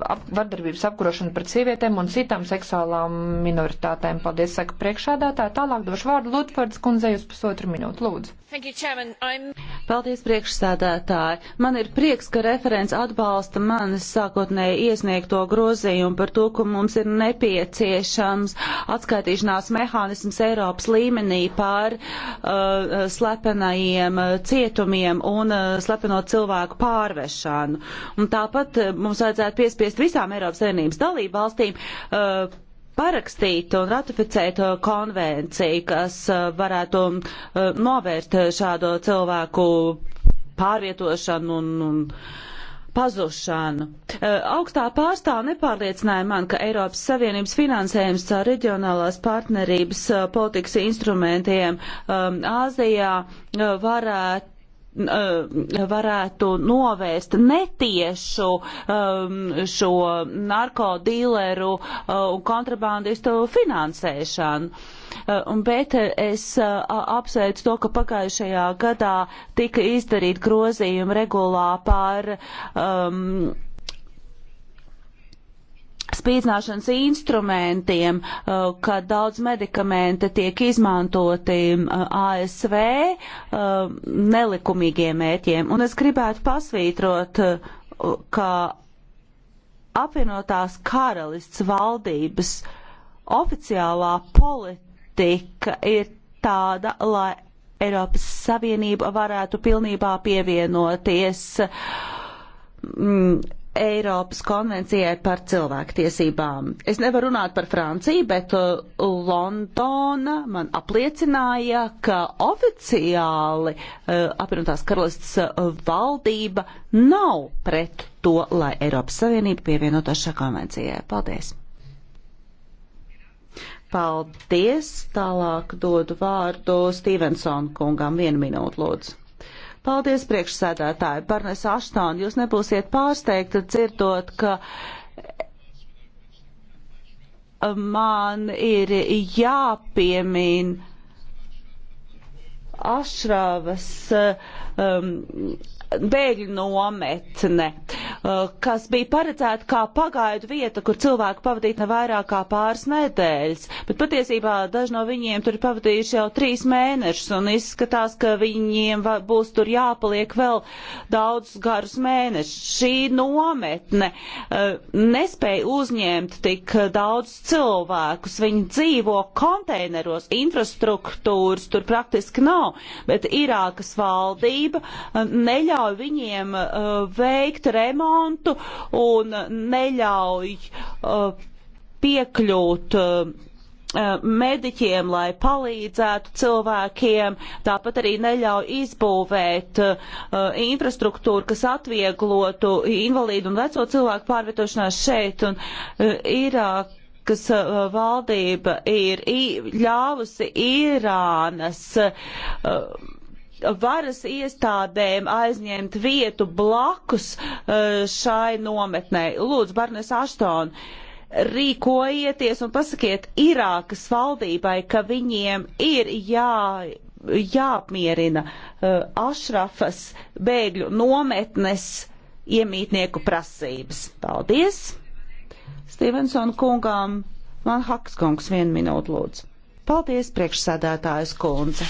ap vardarbības apkurošanu pret sievietēm un citām seksuālām minoritātēm. Paldies, saka priekšādātāja. Tālāk došu vārdu Lutfords kundzei uz pusotru minūtu. Lūdzu. Thank you, Chairman. I'm... Paldies, priekšsēdētāji. Man ir prieks, ka referents atbalsta manis sākotnēji iesniegto grozījumu par to, ka mums ir nepieciešams atskaitīšanās mehānisms Eiropas līmenī pār par uh, slepenajiem cietumiem un uh, slepeno cilvēku pārvešanu. Un tāpat uh, mums vajadzētu piespiest visām Eiropas Savienības dalību valstīm uh, parakstīt un ratificēt uh, konvenciju, kas uh, varētu uh, novērst šādo cilvēku pārvietošanu un, un pazušanu. Uh, augstā pārstāva nepārliecināja man, ka Eiropas Savienības finansējums caur reģionālās partnerības uh, politikas instrumentiem um, Āzijā uh, varētu Eh, varētu novērst netiešu um, šo narkodīleru eh, un kontrabandistu finansēšanu. Eh, bet es apsveicu to, ka pagājušajā gadā tika izdarīt grozījumi regulā par um, spīdzināšanas instrumentiem, uh, ka daudz medikamenti tiek izmantoti uh, ASV uh, nelikumīgiem mēķiem. Un es gribētu pasvītrot, ka apvienotās karalists valdības oficiālā politika ir tāda, lai Eiropas Savienība varētu pilnībā pievienoties mm, Eiropas konvencijai par cilvēktiesībām. Es nevaru runāt par Franciju, bet uh, Londona man apliecināja, ka oficiāli uh, apvienotās karalists uh, valdība nav pret to, lai Eiropas Savienība pievienotos šā konvencijai. Paldies! Paldies! Tālāk dodu vārdu Stevensona kungam. Vienu minūtu, lūdzu. Paldies, priekšsēdētāji. Parnes Aštoni, jūs nebūsiet pārsteigta dzirdot, ka man ir jāpiemina Ašravas um, bēgļu nometne, uh, kas bija paredzēta kā pagaidu vieta, kur cilvēki pavadītu ne vairāk kā pāris nedēļas, bet patiesībā daži no viņiem tur ir pavadījuši jau trīs mēnešus un izskatās, ka viņiem būs tur jāpaliek vēl daudz garus mēnešus. Šī nometne uh, nespēja uzņemt tik daudz cilvēkus, viņi dzīvo konteineros, infrastruktūras tur praktiski nav, bet Irākas valdība uh, neļauj neļauj viņiem uh, veikt remontu un neļauj uh, piekļūt uh, uh mediķiem, lai palīdzētu cilvēkiem, tāpat arī neļauj izbūvēt uh, uh, infrastruktūru, kas atvieglotu invalīdu un veco cilvēku pārvietošanās šeit un uh, Irāk kas uh, valdība ir ļāvusi Irānas uh, varas iestādēm aizņemt vietu blakus eh, šai nometnei. Lūdzu, Barnes Aštoni, rīkojieties un pasakiet Irākas valdībai, ka viņiem ir jā, jāapmierina eh, Ašrafas bēgļu nometnes iemītnieku prasības. Paldies! Stevenson kungām, man Hakskungs vienu minūtu lūdzu. Paldies, priekšsādātājas kundze!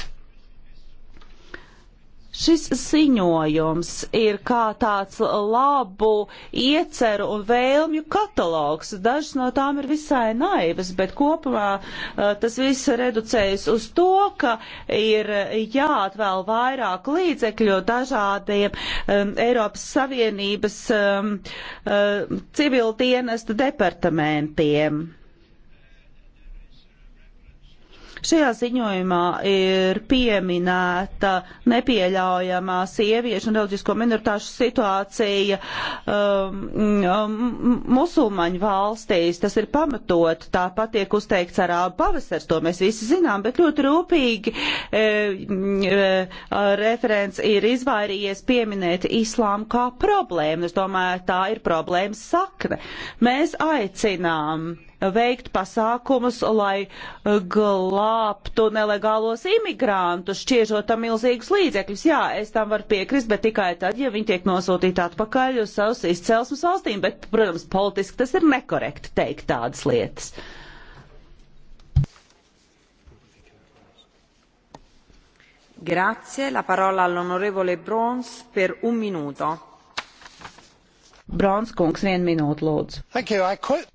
Šis ziņojums ir kā tāds labu ieceru un vēlmju katalogs. Dažas no tām ir visai naivas, bet kopumā eh, tas viss reducējas uz to, ka ir jāatvēl vairāk līdzekļu dažādiem um, Eiropas Savienības um, uh, eh, civildienesta departamentiem. Šajā ziņojumā ir pieminēta nepieļaujamā sieviešu un reliģisko minoritāšu situācija um, um, musulmaņu valstīs. Tas ir pamatot, tāpat tiek uzteikts arābu pavasars, to mēs visi zinām, bet ļoti rūpīgi e, e, referents ir izvairījies pieminēt islāmu kā problēmu. Es domāju, tā ir problēmas sakne. Mēs aicinām veikt pasākumus, lai eh, glābtu nelegālos imigrantus, šķiežot tam milzīgus līdzekļus. Jā, es tam varu piekrist, bet tikai tad, ja viņi tiek nosūtīti atpakaļ uz savus izcelsmes valstīm, bet, protams, politiski tas ir nekorekti teikt tādas lietas. Grazie, la parola all'onorevole Brons per un minuto. Brons kungs, vienu minūtu lūdzu. Thank you, I quit.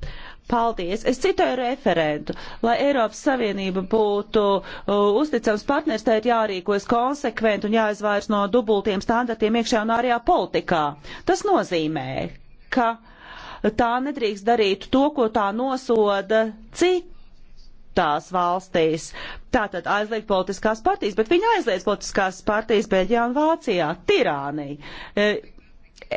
Paldies! Es citēju referentu. Lai Eiropas Savienība būtu uh, uzticams partners, tai ir jārīkojas konsekventi un jāizvairs no dubultiem standartiem iekšējā un ārējā politikā. Tas nozīmē, ka tā nedrīkst darīt to, ko tā nosoda citās valstīs. Tātad aizliegt politiskās partijas, bet viņa aizliedz politiskās partijas Beļģijā un Vācijā. Tirānija. Eh,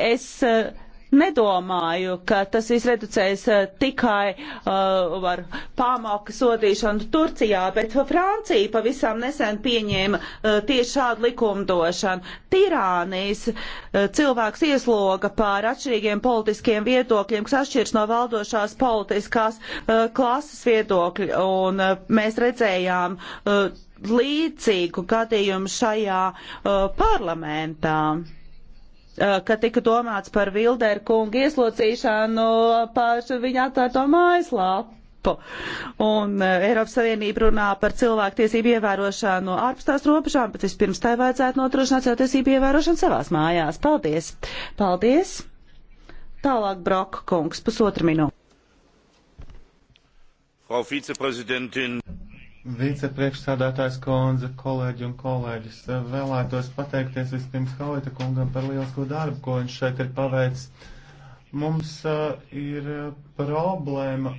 es uh, nedomāju, ka tas viss reducēs eh, tikai uh, ar pāmoka sodīšanu Turcijā, bet Francija pavisam nesen pieņēma uh, tieši šādu likumdošanu. Tirānijas uh, cilvēks iesloga pār atšķirīgiem politiskiem viedokļiem, kas atšķirs no valdošās politiskās uh, klases viedokļa, un uh, mēs redzējām uh, līdzīgu gadījumu šajā uh, parlamentā ka tika domāts par Vilderu kungu ieslocīšanu par viņa atvērto mājaslapu. Un Eiropas Savienība runā par cilvēktiesību ievērošanu ārpus tās robežām, bet vispirms tai vajadzētu nodrošināt savu tiesību ievērošanu savās mājās. Paldies! Paldies! Tālāk Broka kungs, pusotra minūte. Frau Vizepräsidentin, Vicepriekšsādātājs Konze, kolēģi un kolēģis, vēlētos pateikties vispirms Halita kungam par lielisko darbu, ko viņš šeit ir paveicis. Mums uh, ir problēma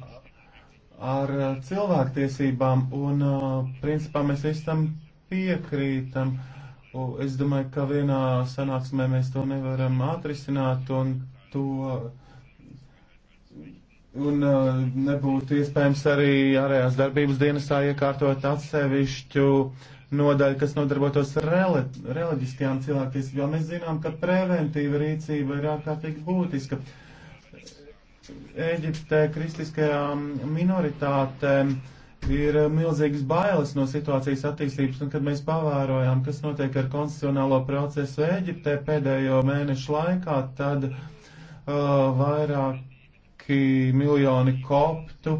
ar uh, cilvēktiesībām un, uh, principā, mēs visi tam piekrītam. Uh, es domāju, ka vienā sanāksmē mēs to nevaram atrisināt un to. Uh, Un uh, nebūtu iespējams arī ārējās darbības dienestā iekārtot atsevišķu nodaļu, kas nodarbotos ar rele, reliģiskajām cilvēktiesībām, jo mēs zinām, ka preventīva rīcība ir ārkārtīgi būtiska. Eģiptē kristiskajām minoritātēm ir milzīgas bailes no situācijas attīstības, un kad mēs pavērojām, kas notiek ar konstitucionālo procesu Eģiptē pēdējo mēnešu laikā, tad uh, vairāk vairāki miljoni koptu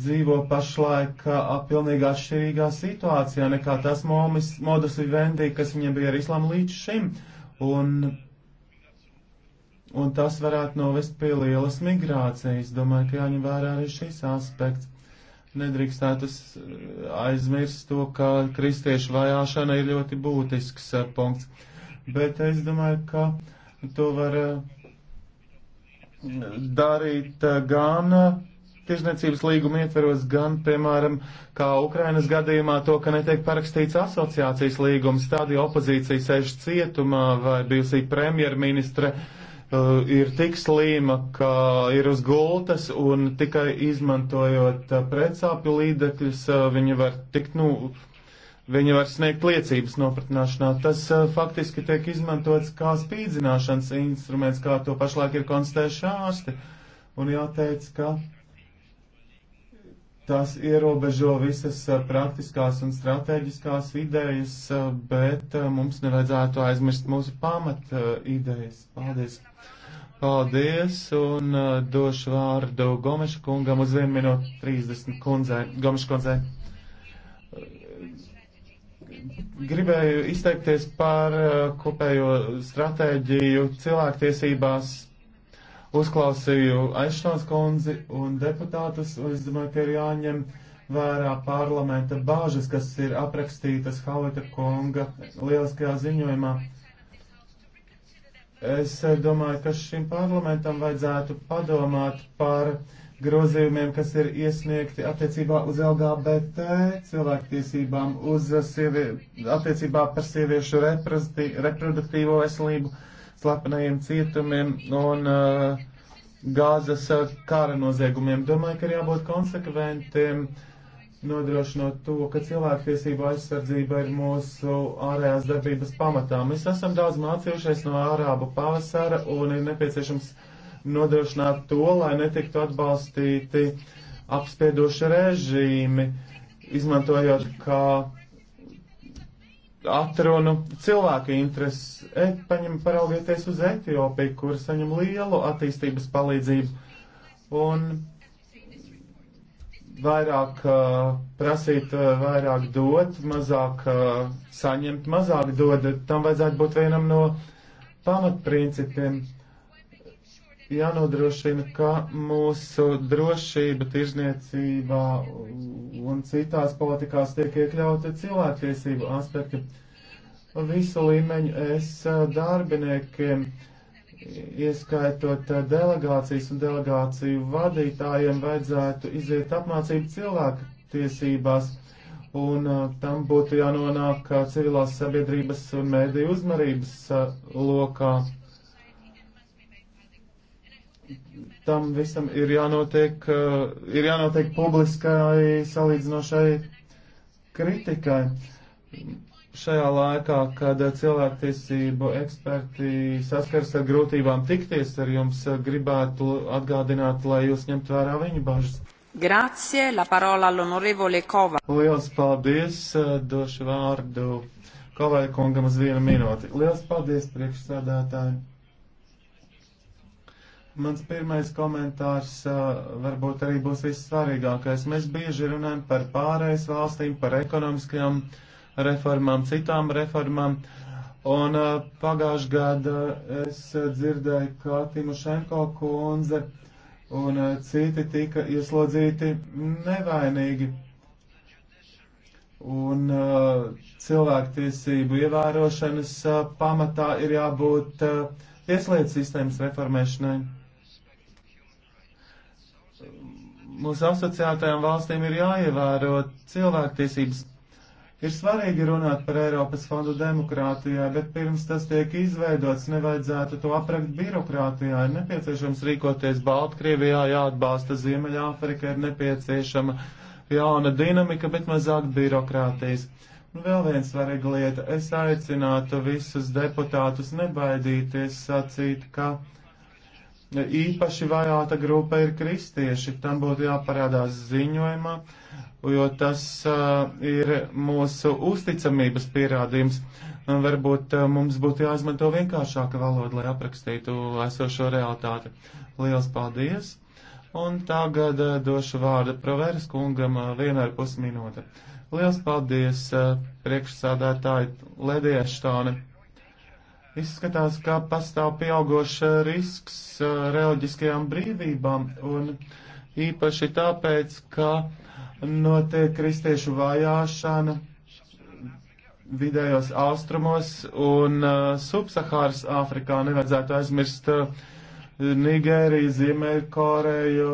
dzīvo pašlaik ap pilnīgi atšķirīgā situācijā nekā tas momis, modus vivendi, kas viņiem bija ar islāmu līdz šim. Un, un tas varētu novest pie lielas migrācijas. Domāju, ka jāņem vērā arī šis aspekts nedrīkstētu aizmirst to, ka kristiešu vajāšana ir ļoti būtisks punkts. Bet es domāju, ka to var darīt eh, gan eh, tirzniecības līguma ietveros, gan, piemēram, kā Ukrainas gadījumā, to, ka netiek parakstīts asociācijas līgums, tādī opozīcija sēž cietumā vai bijusī premjerministre uh, ir tik slīma, ka ir uz gultas un tikai izmantojot pretsāpju līdzekļus, uh, viņi var tikt, nu, Viņi var sniegt liecības nopratināšanā. Tas uh, faktiski tiek izmantots kā spīdzināšanas instruments, kā to pašlaik ir konstatējuši ārsti. Un jāteic, ka tas ierobežo visas uh, praktiskās un strateģiskās idejas, uh, bet uh, mums nevajadzētu aizmirst mūsu pamat uh, idejas. Paldies! Paldies, un uh, došu vārdu Gomeša kungam uz 1 minūti 30 kundzei. Gomeša kundzei. Gribēju izteikties par eh, kopējo stratēģiju cilvēktiesībās. Uzklausīju Aišnās kundzi un deputātus, un es domāju, ka ir jāņem vērā parlamenta bāžas, kas ir aprakstītas Halita Konga lieliskajā ziņojumā. Es eh, domāju, ka šim parlamentam vajadzētu padomāt par uh, grozījumiem, kas ir iesniegti attiecībā uz LGBT cilvēktiesībām, uz sievi, attiecībā par sieviešu reproduktīvo veselību, slepenajiem cietumiem un uh, gāzes uh, kara noziegumiem. Domāju, ka ir jābūt konsekventiem, nodrošinot to, ka cilvēktiesība aizsardzība ir mūsu ārējās darbības pamatā. Mēs esam daudz mācījušies no ārābu pavasara un ir nepieciešams nodrošināt to, lai netiktu atbalstīti apspiedoši režīmi, izmantojot kā atrunu cilvēku intereses. Et, paņem paraugieties uz Etiopiju, kur saņem lielu attīstības palīdzību. Un vairāk uh, prasīt, uh, vairāk dot, mazāk uh, saņemt, mazāk dod. Tam vajadzētu būt vienam no pamatprincipiem jānodrošina, ka mūsu drošība, tirzniecībā un citās politikās tiek iekļauti cilvēktiesību aspekti. Visu līmeņu es darbiniekiem, ieskaitot delegācijas un delegāciju vadītājiem, vajadzētu iziet apmācību cilvēktiesībās, un tam būtu jānonāk civilās sabiedrības un mēdī uzmanības lokā tam visam ir jānotiek, eh, ir jānotiek publiskai salīdzinošai kritikai. Šajā laikā, kad cilvēktiesību eksperti saskars ar grūtībām tikties ar jums, gribētu atgādināt, lai jūs ņemt vērā viņu bažas. Grazie, la parola all'onorevole Kova. Lielas paldies, eh, došu vārdu Kovai kungam uz vienu minūti. Lielas paldies, priekšsādātāji. Mans pirmais komentārs varbūt arī būs vissvarīgākais. Mēs bieži runājam par pārējais valstīm, par ekonomiskajām reformām, citām reformām. Un pagājušajā gadā es dzirdēju, ka Timošenko kundze un citi tika ieslodzīti nevainīgi. Un uh, cilvēktiesību ievērošanas uh, pamatā ir jābūt uh, tieslietu sistēmas reformēšanai. mūsu asociētajām valstīm ir jāievēro cilvēktiesības. Ir svarīgi runāt par Eiropas fondu demokrātijā, bet pirms tas tiek izveidots, nevajadzētu to aprakt birokrātijā. Ir nepieciešams rīkoties Baltkrievijā, jāatbalsta Ziemeļāfrika, ir nepieciešama jauna dinamika, bet mazāk birokrātijas. Nu, vēl viena svarīga lieta. Es aicinātu visus deputātus nebaidīties sacīt, ka īpaši vajāta grupa ir kristieši. Tam būtu jāparādās ziņojumā, jo tas uh, ir mūsu uzticamības pierādījums. Un varbūt uh, mums būtu jāizmanto vienkāršāka valoda, lai aprakstītu esošo realitāti. Lielas paldies! Un tagad uh, došu vārdu Proveras kungam uh, vienā ar pusminūte. Lielas paldies, uh, priekšsādātāji Ledieštone! Izskatās, ka pastāv pieaugoša risks uh, reliģiskajām brīvībām, un īpaši tāpēc, ka notiek kristiešu vajāšana vidējos austrumos un uh, subsahāras Āfrikā nevajadzētu aizmirst uh, Nigēriju, Ziemeļkoreju,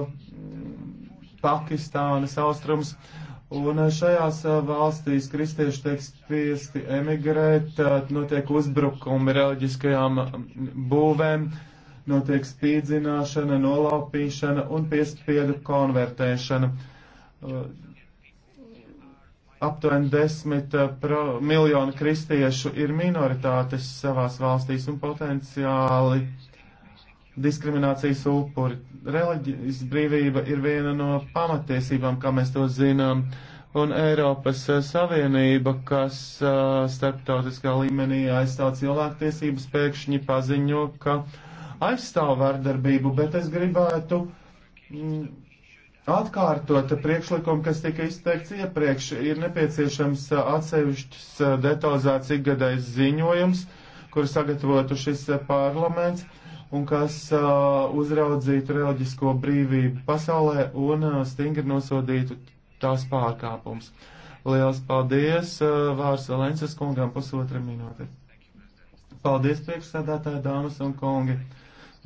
Pakistānas austrums. Uh, Un eh, šajās eh, valstīs kristieši tiek spiesti emigrēt, eh, notiek uzbrukumi reliģiskajām mm, būvēm, notiek spīdzināšana, nolaupīšana un piespiedu konvertēšana. Aptuveni desmit pro, miljoni kristiešu ir minoritātes savās valstīs un potenciāli diskriminācijas upuri. Reliģijas brīvība ir viena no pamatiesībām, kā mēs to zinām, un Eiropas eh, Savienība, kas eh, starptautiskā līmenī aizstāv cilvēktiesības, pēkšņi paziņo, ka aizstāv vardarbību, bet es gribētu mm, atkārtot priekšlikumu, kas tika izteikts iepriekš. Ir nepieciešams eh, atsevišķs detalizēts ikgadais ziņojums, kur sagatavotu šis parlaments un kas uh, uzraudzītu reliģisko brīvību pasaulē un uh, stingri nosodītu tās pārkāpums. Liels paldies uh, Vārs Valences kungam pusotra minūte. Paldies priekšsādātāji, dāmas un kungi.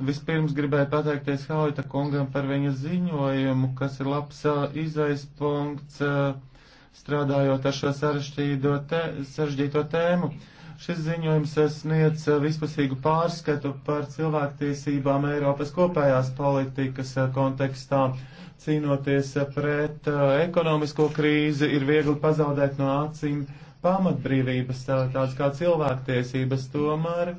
Vispirms gribēju pateikties Haujta kungam par viņa ziņojumu, kas ir labs uh, izaispunkts uh, strādājot ar šo sarežģīto tēmu. Šis ziņojums sniedz eh, vispusīgu pārskatu par cilvēktiesībām Eiropas kopējās politikas eh, kontekstā. Cīnoties eh, pret ekonomisko krīzi, ir viegli pazaudēt no acīm pamatbrīvības, tādas kā cilvēktiesības, tomēr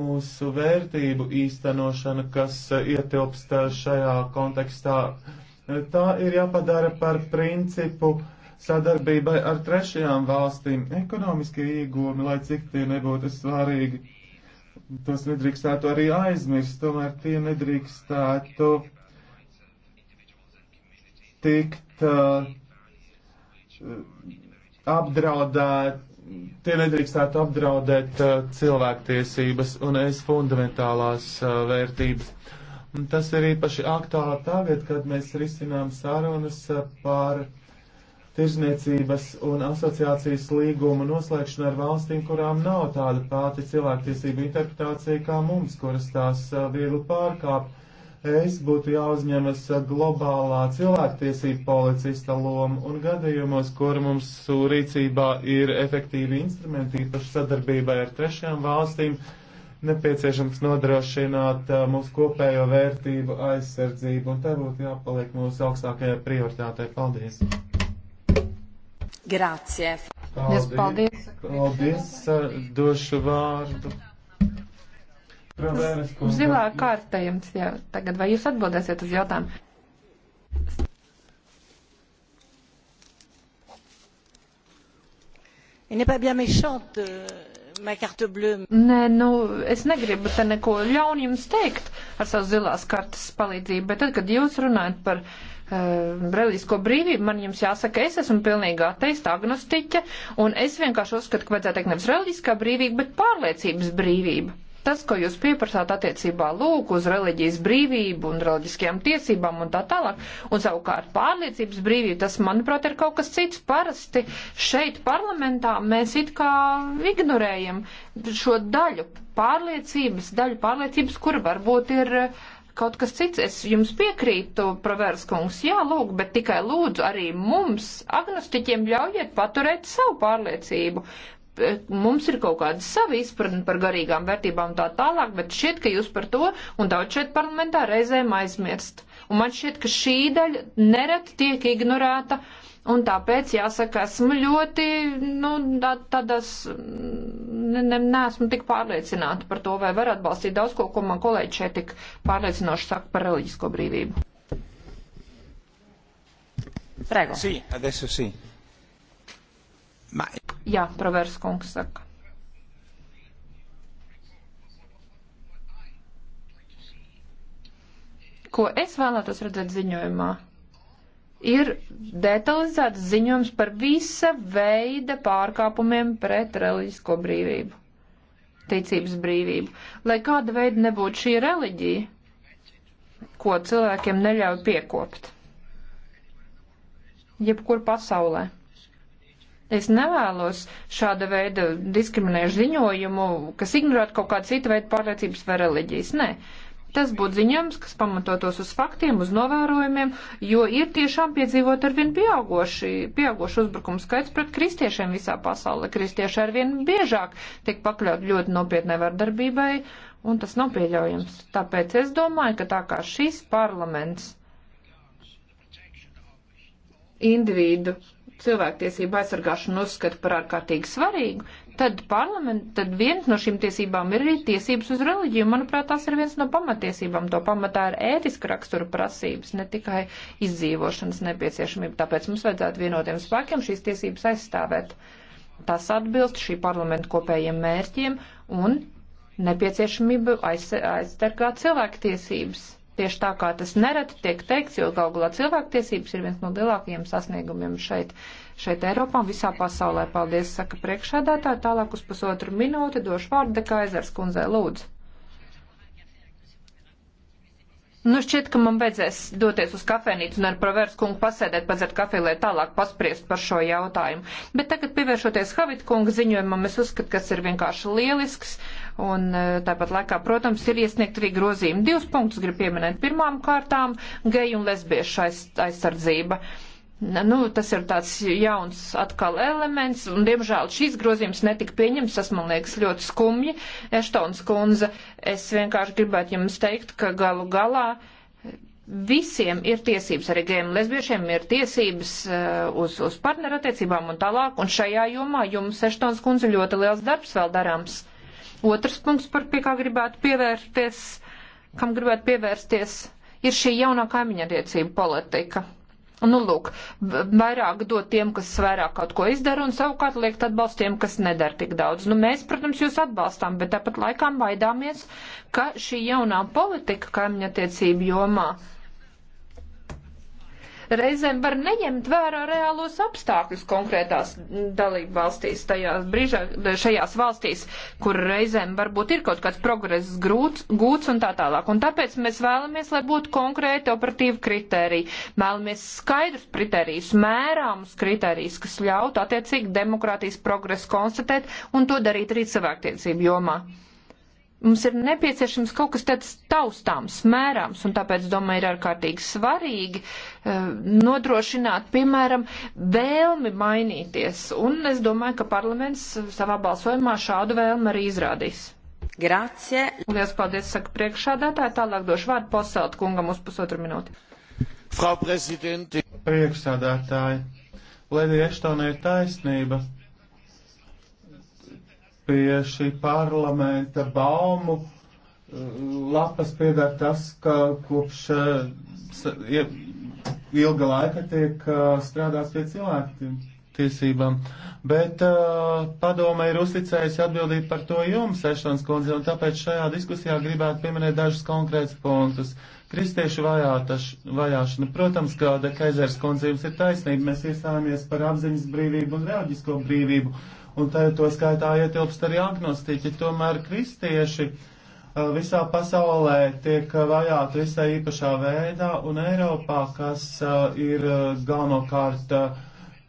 mūsu vērtību īstenošana, kas ietilpst šajā kontekstā, tā ir jāpadara par principu uh, sadarbībai ar trešajām valstīm. Ekonomiskie iegūmi, lai cik tie nebūtu svarīgi, tos nedrīkstētu arī aizmirst, tomēr tie nedrīkstētu tikt uh, apdraudēt, tie nedrīkstētu apdraudēt uh, cilvēktiesības un es fundamentālās uh, vērtības. Un tas ir īpaši aktuāli tagad, kad mēs risinām sarunas uh, par uh, tirzniecības un asociācijas līguma noslēgšana ar valstīm, kurām nav tāda pati cilvēktiesība interpretācija kā mums, kuras tās eh, viegli pārkāp. Es būtu jāuzņemas eh, globālā cilvēktiesība policista loma un gadījumos, kur mums rīcībā ir efektīvi instrumenti, īpaši sadarbībai ar trešajām valstīm, nepieciešams nodrošināt eh, mūsu kopējo vērtību aizsardzību, un te būtu jāpaliek mūsu augstākajai prioritātei. Paldies! Grācie. Paldies. Paldies. Paldies. Došu vārdu. Pravēras, Zilā kārta jums jau tagad. Vai jūs atbildēsiet uz jautājumu? Il n'est pas bien méchante, euh, ma carte bleue. Nē, nu, es negribu te neko ļaunu jums teikt ar savu zilās kartas palīdzību, bet tad, kad jūs runājat par uh, Eh, reliģisko brīvību, man jums jāsaka, es esmu pilnīgi ateista, agnostiķa, un es vienkārši uzskatu, ka vajadzētu teikt nevis reliģiskā brīvība, bet pārliecības brīvība. Tas, ko jūs pieprasāt attiecībā lūk uz reliģijas brīvību un reliģiskajām tiesībām un tā tālāk, un savukārt pārliecības brīvību, tas, manuprāt, ir kaut kas cits. Parasti šeit parlamentā mēs it kā ignorējam šo daļu pārliecības, daļu pārliecības, kur varbūt ir uh, kaut kas cits. Es jums piekrītu, Proverskungs, jā, lūk, bet tikai lūdzu arī mums, agnostiķiem, ļaujiet paturēt savu pārliecību. Mums ir kaut kāda sava izpratne par garīgām vērtībām tā tālāk, bet šķiet, ka jūs par to un daudz šeit parlamentā reizēm aizmirst. Un man šķiet, ka šī daļa nereti tiek ignorēta. Un tāpēc jāsaka, esmu ļoti, nu, tā, tādas ne, ne, neesmu tik pārliecināta par to, vai var atbalstīt daudz ko, ko man kolēģi šeit tik pārliecinoši saka par reliģisko brīvību. Prego. Sì, adesso sì. Ma... Jā, Provērs kungs saka. Ko es vēlētos redzēt ziņojumā? ir detalizēts ziņojums par visa veida pārkāpumiem pret reliģisko brīvību, ticības brīvību. Lai kāda veida nebūtu šī reliģija, ko cilvēkiem neļauj piekopt, jebkur pasaulē. Es nevēlos šāda veida diskriminējušu ziņojumu, kas ignorētu kaut kādu citu veidu pārliecības vai reliģijas. Nē, Tas būtu ziņojums, kas pamatotos uz faktiem, uz novērojumiem, jo ir tiešām piedzīvot arvien pieaugoši, pieaugoši uzbrukumu skaits pret kristiešiem visā pasaulē. Kristieši arvien biežāk tiek pakļaut ļoti nopietnai vardarbībai, un tas nav pieļaujams. Tāpēc es domāju, ka tā kā šis parlaments individu cilvēktiesību aizsargāšanu uzskata par ārkārtīgi svarīgu, tad parlament, tad viens no šīm tiesībām ir arī tiesības uz reliģiju. Manuprāt, tās ir viens no pamatiesībām. To pamatā ir ētiska rakstura prasības, ne tikai izdzīvošanas nepieciešamība. Tāpēc mums vajadzētu vienotiem spēkiem šīs tiesības aizstāvēt. Tas atbilst šī parlamenta kopējiem mērķiem un nepieciešamību aizsargāt cilvēktiesības tieši tā kā tas nereti tiek teikts, jo galu galā cilvēktiesības ir viens no lielākajiem sasniegumiem šeit, šeit Eiropā un visā pasaulē. Paldies, saka priekšādātāji. Tālāk uz pusotru minūti došu vārdu Dekaizers kundzei lūdzu. Nu, šķiet, ka man vajadzēs doties uz kafēnīcu un ar provērs kungu pasēdēt, padzert kafiju, lai tālāk paspriest par šo jautājumu. Bet tagad pievēršoties Havit kunga ziņojumam, es uzskatu, kas ir vienkārši lielisks. Uh, un e, tāpat laikā, protams, ir iesniegt arī grozījumi. Divus punktus grib pieminēt. Pirmām kārtām geju un lesbiešu aiz, aizsardzība. Nu, tas ir tāds jauns atkal elements, un, diemžēl, šīs grozījums netika pieņems, tas, man liekas, ļoti skumji. Eštons kundze, es vienkārši gribētu jums teikt, ka galu galā visiem ir tiesības, arī gejiem lesbiešiem ir tiesības e, uz, uz partnerattiecībām un tālāk, un šajā jomā jums, Eštons kundze, ļoti liels darbs vēl darāms. Otrs punkts, par pie kā gribētu pievērsties, kam gribētu pievērsties, ir šī jaunā kaimiņattiecība politika. Nu, lūk, vairāk dot tiem, kas vairāk kaut ko izdara, un savukārt liekt atbalstu tiem, kas nedara tik daudz. Nu, mēs, protams, jūs atbalstām, bet tāpat laikām baidāmies, ka šī jaunā politika kaimiņattiecība jomā. Uh, reizēm var neņemt vērā reālos apstākļus konkrētās dalību valstīs, tajās brīžā, šajās valstīs, kur reizēm varbūt ir kaut kāds progress grūts, gūts un tā tālāk. Un tāpēc mēs vēlamies, lai būtu konkrēti operatīvi kriteriji. Vēlamies skaidrus kriterijus, mērāmus kriterijus, kas ļautu attiecīgi demokrātijas progresu konstatēt un to darīt arī cilvēktiesību jomā. Mums ir nepieciešams kaut kas tāds taustāms, mērāms, un tāpēc, domāju, ir ārkārtīgi svarīgi eh, nodrošināt, piemēram, vēlmi mainīties. Un es domāju, ka parlaments savā balsojumā šādu vēlmi arī izrādīs. Grācie. Lielas paldies, saka priekšādātāja. Tālāk došu vārdu posēlt kungam uz pusotru minūti. Frau prezidenti. Priekšsādātāji. Lēdija Eštona ir taisnība pie šī parlamenta baumu eh, lapas piedara tas, ka kopš eh, ilga laika tiek eh, strādāts pie cilvēku tiesībām. Bet uh, padome ir uzticējusi atbildīt par to jums, Ešlans kundze, un tāpēc šajā diskusijā gribētu pieminēt dažus konkrētus punktus. Kristiešu vajātaš, vajāšana. Protams, ka Dekaizers kundze jums ir taisnība. Mēs iestājāmies par apziņas brīvību un reliģisko brīvību un tā, to skaitā ietilpst arī agnostiķi, tomēr kristieši uh, visā pasaulē tiek uh, vajāti visai īpašā veidā, un Eiropā, kas uh, ir galvenokārt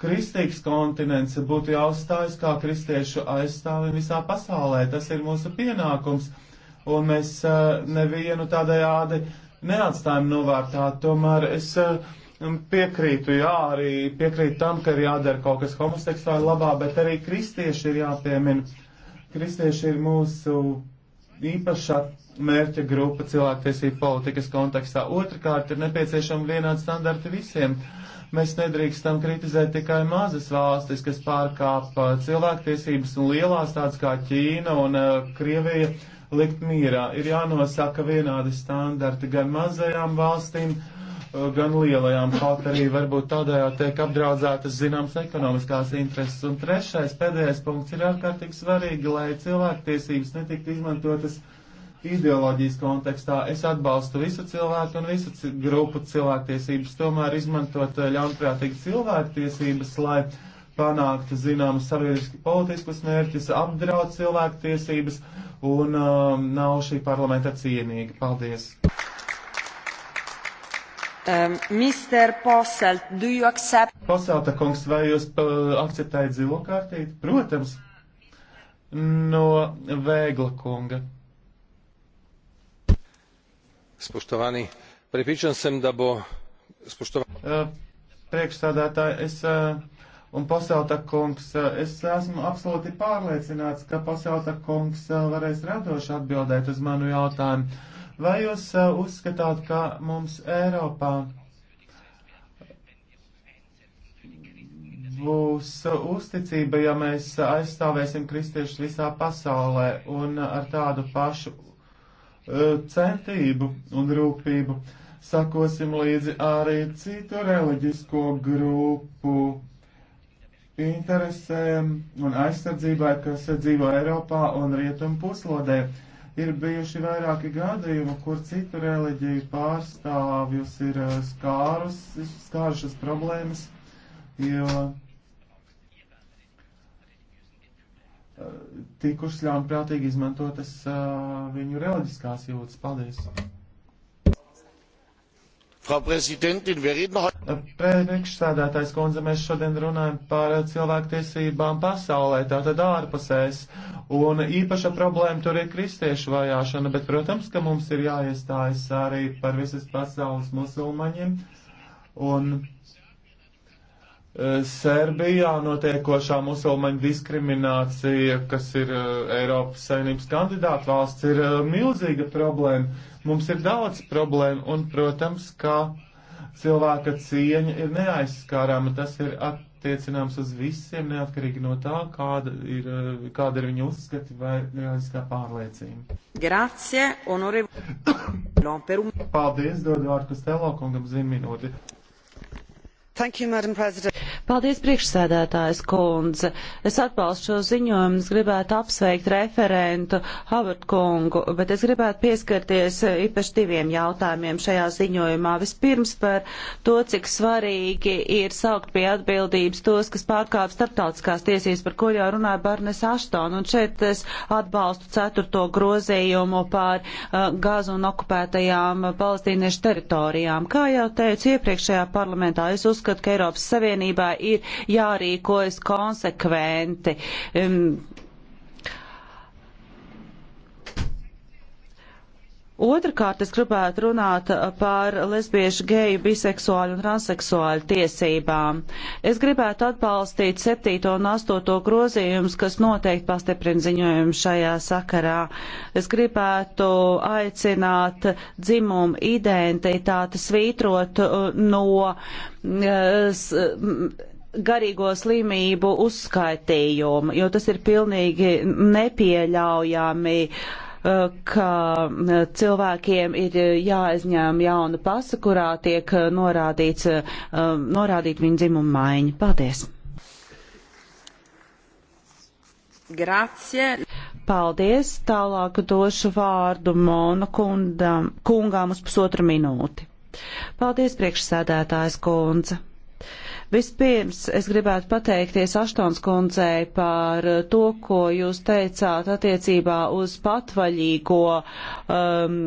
kristīgs kontinents, būtu jāuzstājas kā kristiešu aizstāvi visā pasaulē. Tas ir mūsu pienākums, un mēs nevienu tādējādi neatstājam novārtā. Tomēr es Piekrītu, jā, arī piekrītu tam, ka ir jādara kaut kas homoseksuāli labā, bet arī kristieši ir jāpiemina. Kristieši ir mūsu īpašā mērķa grupa cilvēktiesību politikas kontekstā. Otrakārt, ir nepieciešama vienāda standarta visiem. Mēs nedrīkstam kritizēt tikai mazas valstis, kas pārkāpa cilvēktiesības un lielās tādas kā Ķīna un uh, Krievija likt mīrā. Ir jānosaka vienādi standarti gan mazajām valstīm, uh, Eh, gan lielajām, kaut arī varbūt tādējā tiek apdraudzētas zināmas ekonomiskās intereses. Un trešais, pēdējais punkts ir ārkārtīgi svarīgi, lai cilvēktiesības netiktu izmantotas ideoloģijas kontekstā. Es atbalstu visu cilvēku un visu grupu cilvēktiesības, tomēr izmantot eh, ļaunprātīgi cilvēktiesības, lai panākt zināmas sabiedriski politiskus mērķus, apdraud cilvēku tiesības un um, nav šī parlamenta cienīga. Paldies! Um, Posselt, accept... Poselta kungs, vai jūs uh, akceptējat zilo kārtīti? Protams, no Vēgla kunga. Spoštovani, prepričan sem, da bo spoštovani. Uh, Priekšsādātāji, es uh, un Poselta kungs, uh, es esmu absolūti pārliecināts, ka Poselta kungs uh, varēs radoši atbildēt uz manu jautājumu Vai jūs eh, uzskatāt, ka mums Eiropā būs uzticība, ja mēs aizstāvēsim kristiešus visā pasaulē un ar tādu pašu eh, centību un rūpību sakosim līdzi arī citu reliģisko grupu interesēm un aizsardzībai, kas dzīvo Eiropā un Rietumu puslodē. Ir bijuši vairāki gadījumi, kur citu reliģiju pārstāvjus ir eh, skārus, skārušas problēmas, jo eh, tikušas ļaunprātīgi izmantotas uh, viņu reliģiskās jūtas. Paldies! Priekšsēdētājs kundze, mēs šodien runājam par cilvēktiesībām pasaulē, tātad ārpusēs. Un īpaša problēma tur ir kristiešu vajāšana, bet, protams, ka mums ir jāiestājas arī par visas pasaules musulmaņiem. Un Eh, Serbijā notiekošā musulmaņu diskriminācija, kas ir eh, Eiropas saimnības kandidāta valsts, ir eh, milzīga problēma. Mums ir daudz problēmu un, protams, kā cilvēka cieņa ir neaizskārama. Tas ir attiecināms uz visiem, neatkarīgi no tā, kāda ir, kāda ir viņa uzskati vai realistiskā pārliecība. Grazie, onore. [coughs] Paldies, dodu vārdu Stelo kungam zim minūti madam president Paldies, priekšsēdētājs kundze. Es atbalstu šo ziņojumu, es gribētu apsveikt referentu Havard kungu, bet es gribētu pieskarties eh, īpaši diviem jautājumiem šajā ziņojumā. Vispirms par to, cik svarīgi ir saukt pie atbildības tos, kas pārkāp starptautiskās tiesības, par ko jau runāja Barnes Aštona. Un šeit es atbalstu ceturto grozījumu par uh, gazu un okupētajām palestīniešu teritorijām. Kā jau teicu iepriekšējā parlamentā, es uzskatu, ka Eiropas Savienībā ir jārīkojas konsekventi. Um, Otrakārt, es gribētu runāt par lesbiešu, geju, biseksuāļu un transseksuāļu tiesībām. Es gribētu atbalstīt 7. un 8. grozījumus, kas noteikti pastiprina ziņojumu šajā sakarā. Es gribētu aicināt dzimumu identitāti svītrot no eh, garīgo slimību uzskaitījumu, jo tas ir pilnīgi nepieļaujami eh, ka eh, cilvēkiem ir jāizņem jauna pasa, kurā tiek eh, norādīts, norādīt viņa dzimuma maiņa. Paldies! Grazie! Paldies! Tālāk došu vārdu Mona kundam, kungām uz pusotru minūti. Paldies, priekšsēdētājs kundze! Vispirms es gribētu pateikties Aštons kundzei par to, ko jūs teicāt attiecībā uz patvaļīgo um,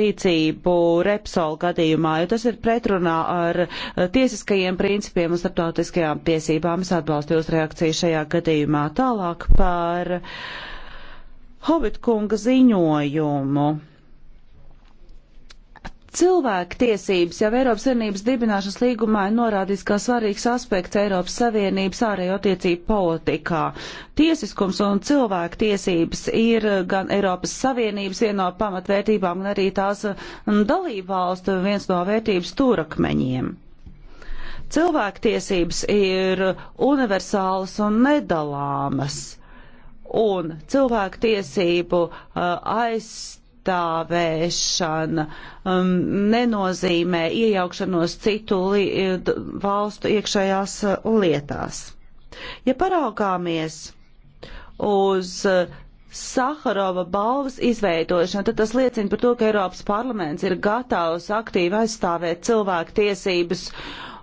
rīcību Repsol gadījumā, jo tas ir pretrunā ar tiesiskajiem principiem un starptautiskajām tiesībām. Es atbalstu jūs reakciju šajā gadījumā. Tālāk par Hobbit kunga ziņojumu. Cilvēku tiesības jau Eiropas Savienības dibināšanas līgumā ir norādīts kā svarīgs aspekts Eiropas Savienības ārējo attiecību politikā. Tiesiskums un cilvēku tiesības ir gan Eiropas Savienības viena no pamatvērtībām, gan arī tās dalību valstu viens no vērtības turakmeņiem. Cilvēku tiesības ir universālas un nedalāmas, un cilvēku tiesību uh, aizstāvības pastāvēšana um, nenozīmē iejaukšanos citu li, valstu iekšējās uh, lietās. Ja paraugāmies uz uh, Saharova balvas izveidošana, tad tas liecina par to, ka Eiropas parlaments ir gatavs aktīvi aizstāvēt cilvēku tiesības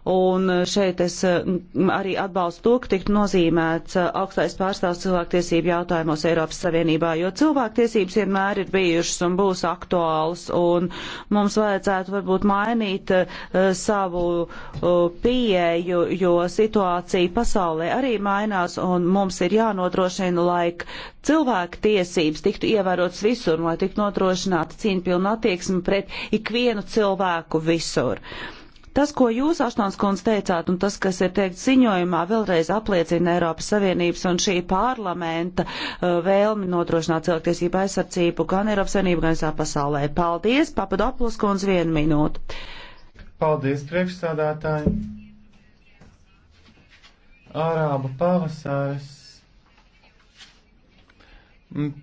Un šeit es arī atbalstu to, ka tiktu nozīmēts augstais pārstāvs cilvēktiesību jautājumos Eiropas Savienībā, jo cilvēktiesības vienmēr ir bijušas un būs aktuāls, un mums vajadzētu varbūt mainīt uh, savu uh, pieeju, jo situācija pasaulē arī mainās, un mums ir jānodrošina, lai cilvēku tiesības tiktu ievērotas visur, un lai tiktu nodrošināta cīņa pilna attieksme pret ikvienu cilvēku visur. Uh, Tas, ko jūs, Aštons kundze, teicāt, un tas, kas ir teikt ziņojumā, vēlreiz apliecina Eiropas Savienības un šī parlamenta uh, vēlmi nodrošināt cilvēktiesību aizsardzību gan Eiropas Savienību, gan visā pasaulē. Paldies, Papadopulus kundze, vienu minūtu. Paldies, priekšsādātāji. Ārāba pavasaris mm,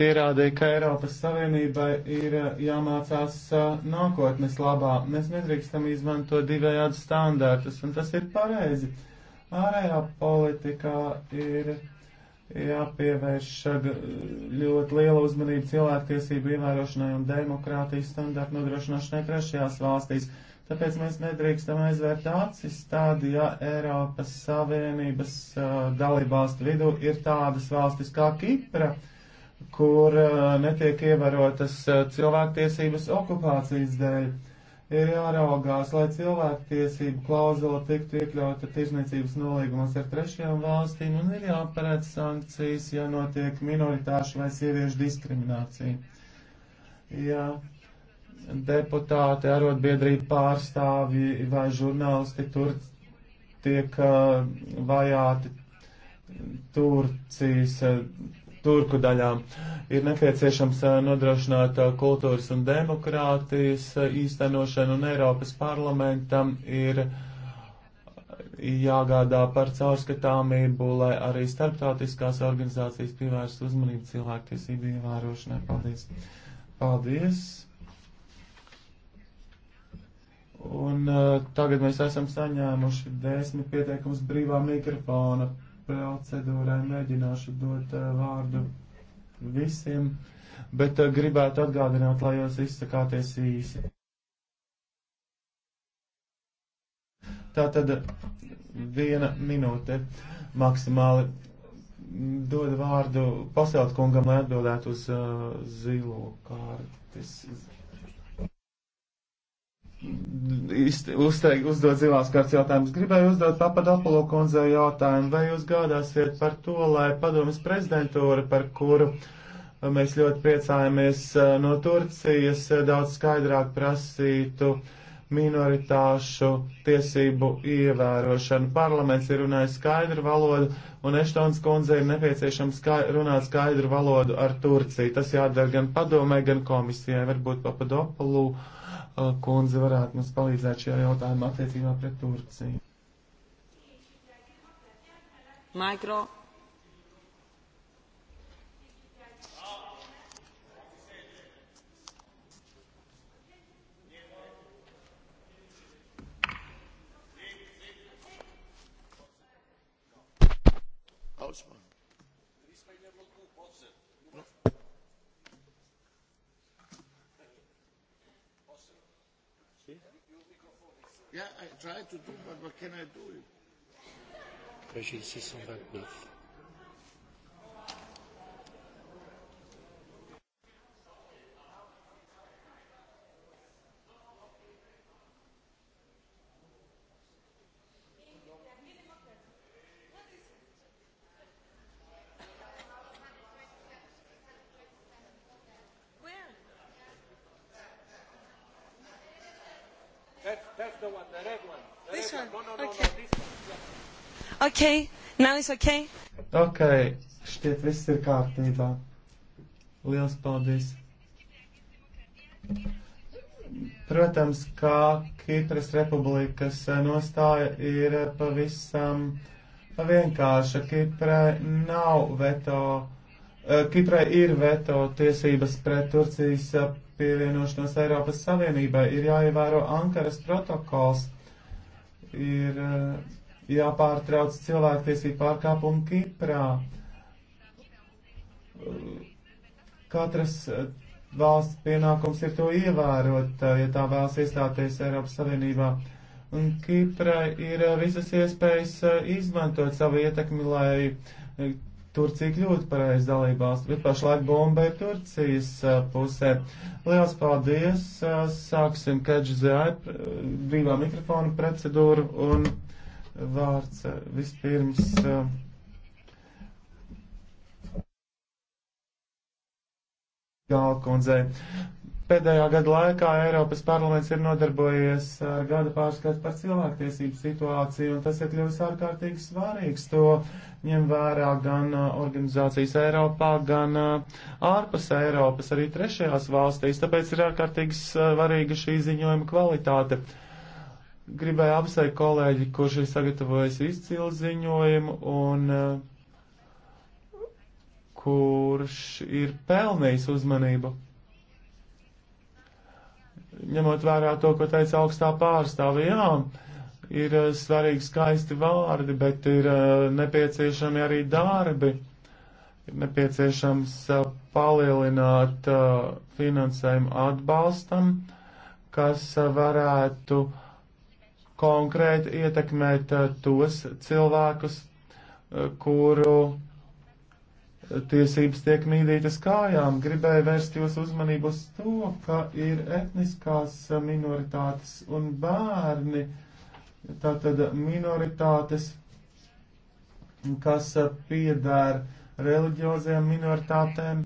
pierādīja, ka Eiropas Savienībai ir eh, jāmācās eh, nākotnes labā. Mēs nedrīkstam izmantot divējādi standārtus, un tas ir pareizi. Ārējā politikā ir jāpievērš eh, ļoti liela uzmanība cilvēktiesību ievērošanai un demokrātijas standārtu nodrošināšanai trešajās valstīs. Tāpēc mēs nedrīkstam aizvērt acis tādi, ja Eiropas Savienības uh, dalībvalstu vidū ir tādas valstis kā Kipra, uh, kur uh, netiek ievērotas uh, cilvēktiesības okupācijas dēļ. Ir jāraugās, lai cilvēktiesību klauzula tiktu iekļauta tirzniecības nolīgumos ar trešajām valstīm un ir jāparedz sankcijas, ja notiek minoritāšu vai sieviešu diskriminācija. Ja deputāti, arotbiedrība pārstāvji vai žurnālisti tur tiek uh, vajāti Turcijas uh, turku daļām. Ir nepieciešams eh, nodrošināt eh, kultūras un demokrātijas eh, īstenošanu, un Eiropas parlamentam ir jāgādā par caurskatāmību, lai arī starptautiskās organizācijas pievērst uzmanību cilvēktiesību ievērošanai. Paldies! Paldies! Un uh, tagad mēs esam saņēmuši desmit pieteikumus brīvā mikrofona procedūrai mēģināšu dot uh, vārdu visiem, bet uh, gribētu atgādināt, lai jūs izsakāties īsi. Tā tad viena minūte maksimāli dod vārdu pasautkungam, lai atbildētu uz uh, zilo kārtas uzteik, uzdot zilās kārtas jautājumus. Gribēju uzdot Papadopolo kundzei jautājumu, vai jūs gādāsiet par to, lai padomjas prezidentūra, par kuru mēs ļoti priecājamies eh, no Turcijas, eh, daudz skaidrāk prasītu minoritāšu tiesību ievērošanu. Parlaments ir runājis skaidru valodu, un Eštons kundze ir nepieciešams skai, runāt skaidru valodu ar Turciju. Tas jādara gan padomē, gan komisijai, varbūt Papadopolu. Pa Uh, kundze varētu mums palīdzēt šajā jautājumā attiecībā pret Turciju. Mikro. try to do, but what can I do? Régie 629. okay? Now it's okay? Ok, šķiet viss ir kārtībā. Liels paldies! Protams, kā Kipras republikas nostāja ir pavisam vienkārša. Kiprai nav veto, eh, Kiprai ir veto tiesības pret Turcijas pievienošanos Eiropas Savienībai. Ir jāievēro Ankaras protokols. Ir, uh, jāpārtrauc cilvēktiesību pārkāpumu Kiprā. Katras eh, valsts pienākums ir to ievērot, eh, ja tā vēlas iestāties Eiropas Savienībā. Un Kiprai ir eh, visas iespējas izmantot savu ietekmi, lai Turcija kļūtu par aiz dalībvalstu, bet pašlaik bomba ir Turcijas pusē. Liels paldies! Sāksim Kedžzai brīvā mikrofona procedūru un vārds eh, vispirms. Eh, Galkundzei. Pēdējā gada laikā Eiropas parlaments ir nodarbojies eh, gada pārskatu par cilvēktiesību situāciju, un tas ir kļuvis ārkārtīgi svarīgs. To ņem vērā gan organizācijas Eiropā, gan ārpus Eiropas, arī trešajās valstīs. Tāpēc ir ārkārtīgi svarīga šī ziņojuma kvalitāte. Uh, Gribēju apsveikt kolēģi, kurš ir sagatavojis izcilu ziņojumu un uh, kurš ir pelnījis uzmanību ņemot vērā to, ko teica augstā pārstāve, jā, ir eh, svarīgi skaisti vārdi, bet ir eh, nepieciešami arī darbi. Ir nepieciešams palielināt finansējumu atbalstam, kas varētu uh, konkrēti ietekmēt eh, tos cilvēkus, eh, kuru eh, tiesības tiek mīdītas kājām. Gribēju vērst jūs uzmanību uz to, ka ir etniskās minoritātes un bērni, tātad minoritātes, kas piedēr reliģiozajām minoritātēm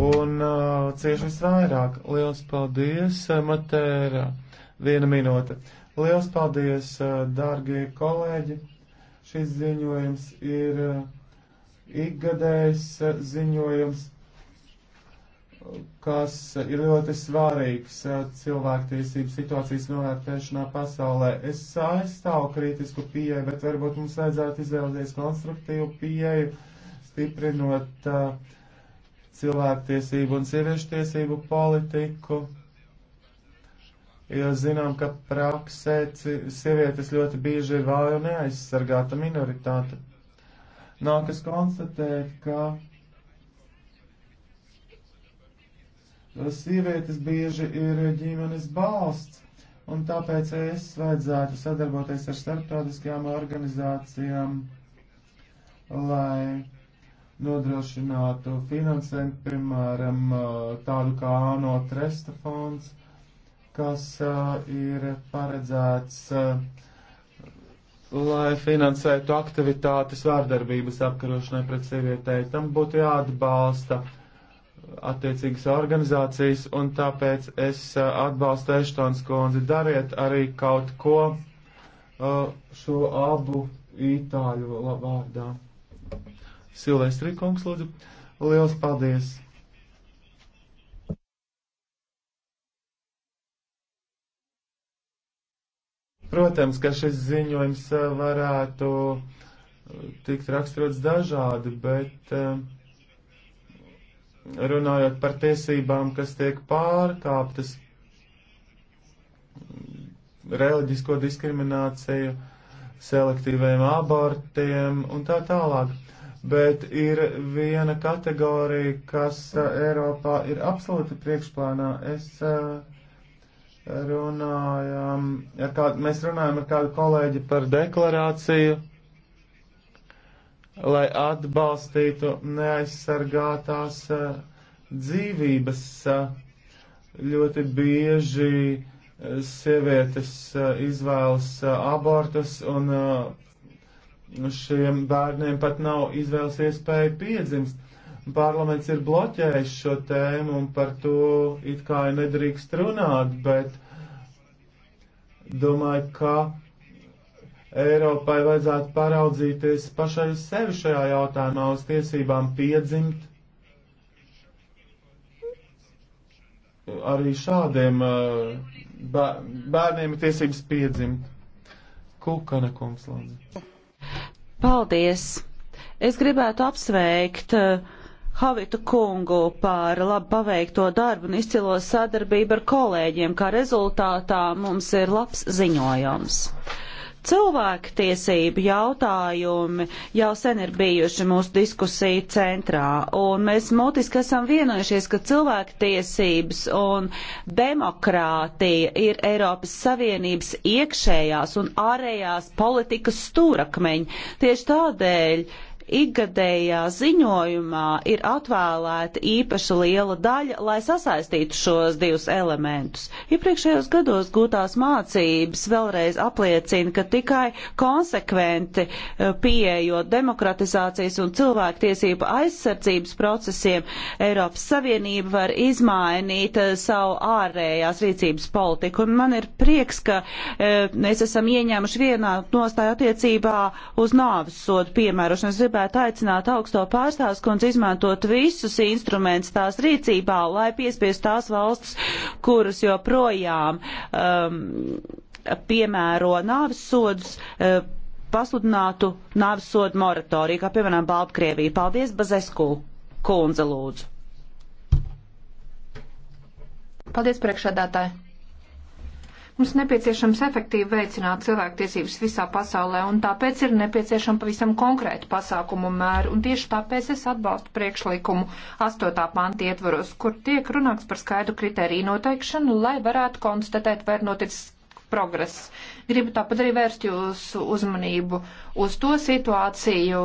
un uh, cieši visvairāk. Liels paldies, Matēra. Viena minūte. Uh, Liels paldies, dārgie kolēģi! Šis ziņojums ir ikgadējs ziņojums, kas ir ļoti svārīgs cilvēktiesību situācijas novērtēšanā pasaulē. Es aizstāvu kritisku pieeju, bet varbūt mums vajadzētu izvēlēties konstruktīvu pieeju, stiprinot cilvēktiesību un sieviešu tiesību politiku jo zinām, ka praksē sievietes ļoti bieži ir vāja un neaizsargāta minoritāte. Nākas konstatēt, ka sievietes bieži ir ģimenes balsts, un tāpēc es vajadzētu sadarboties ar starptautiskajām organizācijām, lai nodrošinātu finansējumu, piemēram, uh, tādu kā ANO Tresta fonds, kas uh, ir paredzēts, uh, lai finansētu aktivitātes vārdarbības apkarošanai pret sievietēm. Tam būtu jāatbalsta attiecīgas organizācijas, un tāpēc es uh, atbalstu Eštons kundzi. Dariet arī kaut ko uh, šo abu itāļu vārdā. Silvestri kungs, lūdzu. Liels paldies! Protams, ka šis ziņojums eh, varētu eh, tikt raksturots dažādi, bet eh, runājot par tiesībām, kas tiek pārkāptas, reliģisko diskrimināciju, selektīviem abortiem un tā tālāk. Bet ir viena kategorija, kas Eiropā ir absolūti priekšplānā. Es uh, runājām, ar kādu, mēs runājām ar kādu kolēģi par deklarāciju, lai atbalstītu neaizsargātās eh, dzīvības. Eh, ļoti bieži eh, sievietes izvēlas abortus un šiem bērniem pat nav izvēles iespēja piedzimst. Parlaments ir bloķējis šo tēmu un par to it kā nedrīkst runāt, bet domāju, ka Eiropai vajadzētu paraudzīties pašai uz sevi šajā jautājumā, uz tiesībām piedzimt arī šādiem uh, bērniem ir tiesības piedzimt. Kukana kungs, lūdzu. Paldies! Es gribētu apsveikt uh, Havitu kungu par labi paveikto darbu un izcilo sadarbību ar kolēģiem, kā rezultātā mums ir labs ziņojums. Cilvēktiesību jautājumi jau sen ir bijuši mūsu diskusiju centrā, un mēs mutiski esam vienojušies, ka cilvēktiesības un demokrātija ir Eiropas Savienības iekšējās un ārējās politikas stūrakmeņi. Tieši tādēļ ikgadējā ziņojumā ir atvēlēta īpaša liela daļa, lai sasaistītu šos divus elementus. Iepriekšējos ja gados gūtās mācības vēlreiz apliecina, ka tikai konsekventi e, pieejot demokratizācijas un cilvēktiesību aizsardzības procesiem Eiropas Savienība var izmainīt e, savu ārējās rīcības politiku. Un man ir prieks, ka e, mēs esam ieņēmuši vienā nostāju attiecībā uz nāvis sodu piemērošanu gribētu aicināt augsto pārstāvs kundzi izmantot visus instrumentus tās rīcībā, lai piespiest tās valstis, kuras joprojām um, piemēro nāvis sodus, uh, pasludinātu nāvis sodu moratoriju, kā piemēram Baltkrievija. Paldies, Bazesku kundze, lūdzu. Paldies, priekšādātāji. Mums nepieciešams efektīvi veicināt cilvēktiesības visā pasaulē, un tāpēc ir nepieciešama pavisam konkrēta pasākumu mēra, un tieši tāpēc es atbalstu priekšlikumu 8. panti ietvaros, kur tiek runāts par skaidru kritēriju noteikšanu, lai varētu konstatēt, vai ir noticis progress. Gribu tāpat arī vērst jūsu uzmanību uz to situāciju,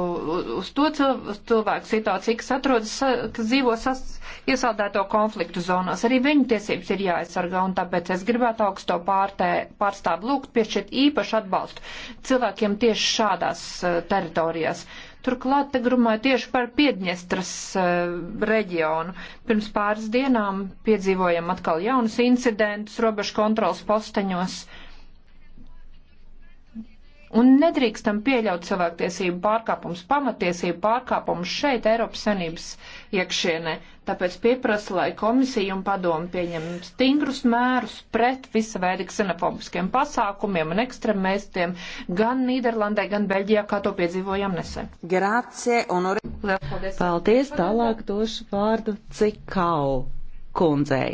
uz to cilvēku situāciju, kas atrodas, kas dzīvo sas, iesaldēto konfliktu zonās. Arī viņu tiesības ir jāaizsargā, un tāpēc es gribētu augsto pārtē, pārstāvu lūgt piešķirt īpašu atbalstu cilvēkiem tieši šādās eh, teritorijās. Turklāt te grumāju tieši par Piedņestras uh, reģionu. Pirms pāris dienām piedzīvojam atkal jaunus incidentus robežu kontrolas posteņos. Uh, Un nedrīkstam pieļaut cilvēktiesību pārkāpumus, pamatiesību pārkāpumus šeit, Eiropas Sanības iekšienē. Tāpēc pieprasa, lai komisija un padomu pieņem stingrus mērus pret visa veida ksenofobiskiem pasākumiem un ekstremistiem gan Nīderlandē, gan Beļģijā, kā to piedzīvojām nesen. Grācie, onore. Paldies. Paldies, tālāk došu vārdu Cikau kundzei.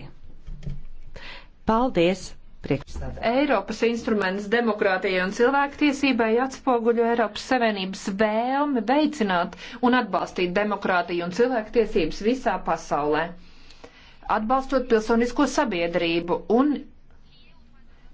Paldies! priekšstādā. Eiropas instruments demokrātijai un cilvēktiesībai atspoguļo Eiropas Savienības vēlmi veicināt un atbalstīt demokrātiju un cilvēktiesības visā pasaulē, atbalstot pilsonisko sabiedrību un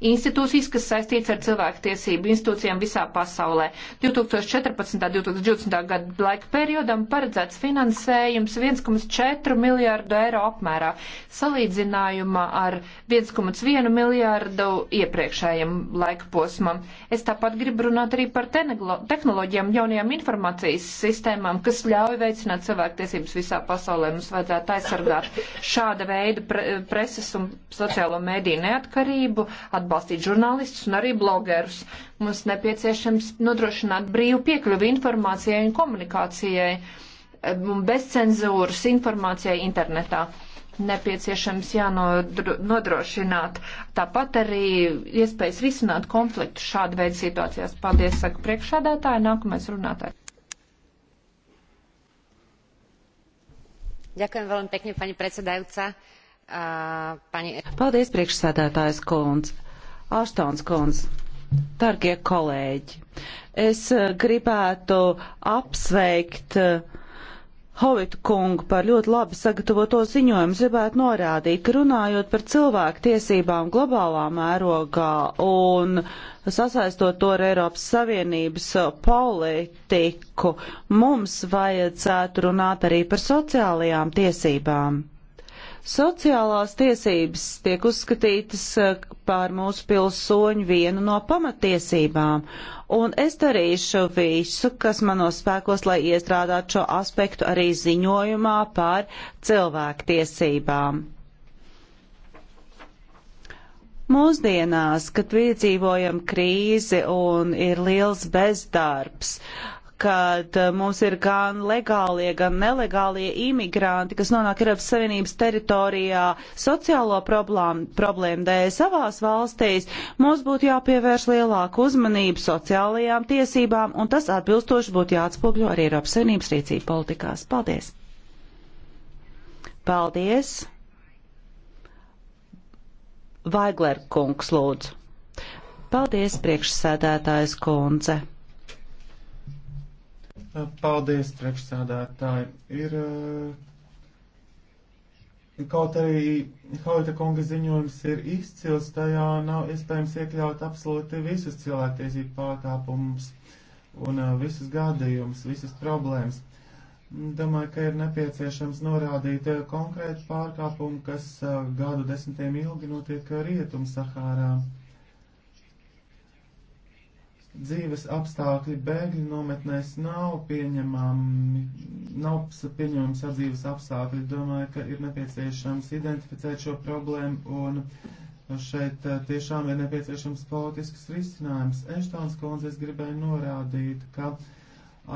institūcijas, kas saistīts ar cilvēktiesību institūcijām visā pasaulē. 2014. un 2020. gada laika periodam paredzēts finansējums 1,4 miljārdu eiro apmērā, salīdzinājumā ar 1,1 miljārdu iepriekšējiem laika posmam. Es tāpat gribu runāt arī par tehnoloģijām, jaunajām informācijas sistēmām, kas ļauj veicināt cilvēktiesības visā pasaulē. Mums vajadzētu aizsargāt šāda veida pre preses un sociālo mēdīju neatkarību, atbildību atbalstīt žurnālistus un arī blogerus. Mums nepieciešams nodrošināt brīvu piekļuvi informācijai un komunikācijai un um, bez cenzūras informācijai internetā nepieciešams jānodrošināt. Tāpat arī iespējas risināt konfliktu šāda veida situācijās. Paldies, saka priekšādātāja. Nākamais runātājs. Ďakujem veľmi pekne, pani predsedajúca. Uh, pani... Paldies, priekšsēdētājs Kolons. Aštons kundz, targie kolēģi, es eh, gribētu apsveikt eh, Hovitu kungu par ļoti labi sagatavoto ziņojumu. Gribētu norādīt, ka runājot par cilvēku tiesībām globālā mērogā un sasaistot to ar Eiropas Savienības eh, politiku, mums vajadzētu runāt arī par sociālajām tiesībām. Sociālās tiesības tiek uzskatītas eh, par mūsu pilsoņu vienu no pamatiesībām, un es darīšu visu, kas manos spēkos, lai iestrādātu šo aspektu arī ziņojumā par cilvēktiesībām. Mūsdienās, kad piedzīvojam krīzi un ir liels bezdarbs, uh, kad eh, mums ir gan legālie, gan nelegālie imigranti, kas nonāk Eiropas Savienības teritorijā sociālo problēmu, problēmu dēļ savās valstīs, mums būtu jāpievērš lielāku uzmanību sociālajām tiesībām, un tas atbilstoši būtu jāatspogļo arī Eiropas Savienības rīcību politikās. Paldies! Paldies! Vaigler kungs lūdzu. Paldies, priekšsēdētājs kundze. Paldies, priekšsādātāji. Ir eh, kaut arī Hauta kunga ziņojums ir izcils, tajā nav iespējams iekļaut absolūti visus cilvēktiesību pārkāpumus un eh, visus gadījumus, visas problēmas. Domāju, ka ir nepieciešams norādīt eh, konkrētu pārkāpumu, kas gadu desmitiem ilgi notiek Rietum Sahārā dzīves apstākļi bēgļu nometnēs nav pieņemami, nav pieņemams ar dzīves apstākļi. Domāju, ka ir nepieciešams identificēt šo problēmu un šeit eh, tiešām ir nepieciešams politisks risinājums. Eštāns kundze, es gribēju norādīt, ka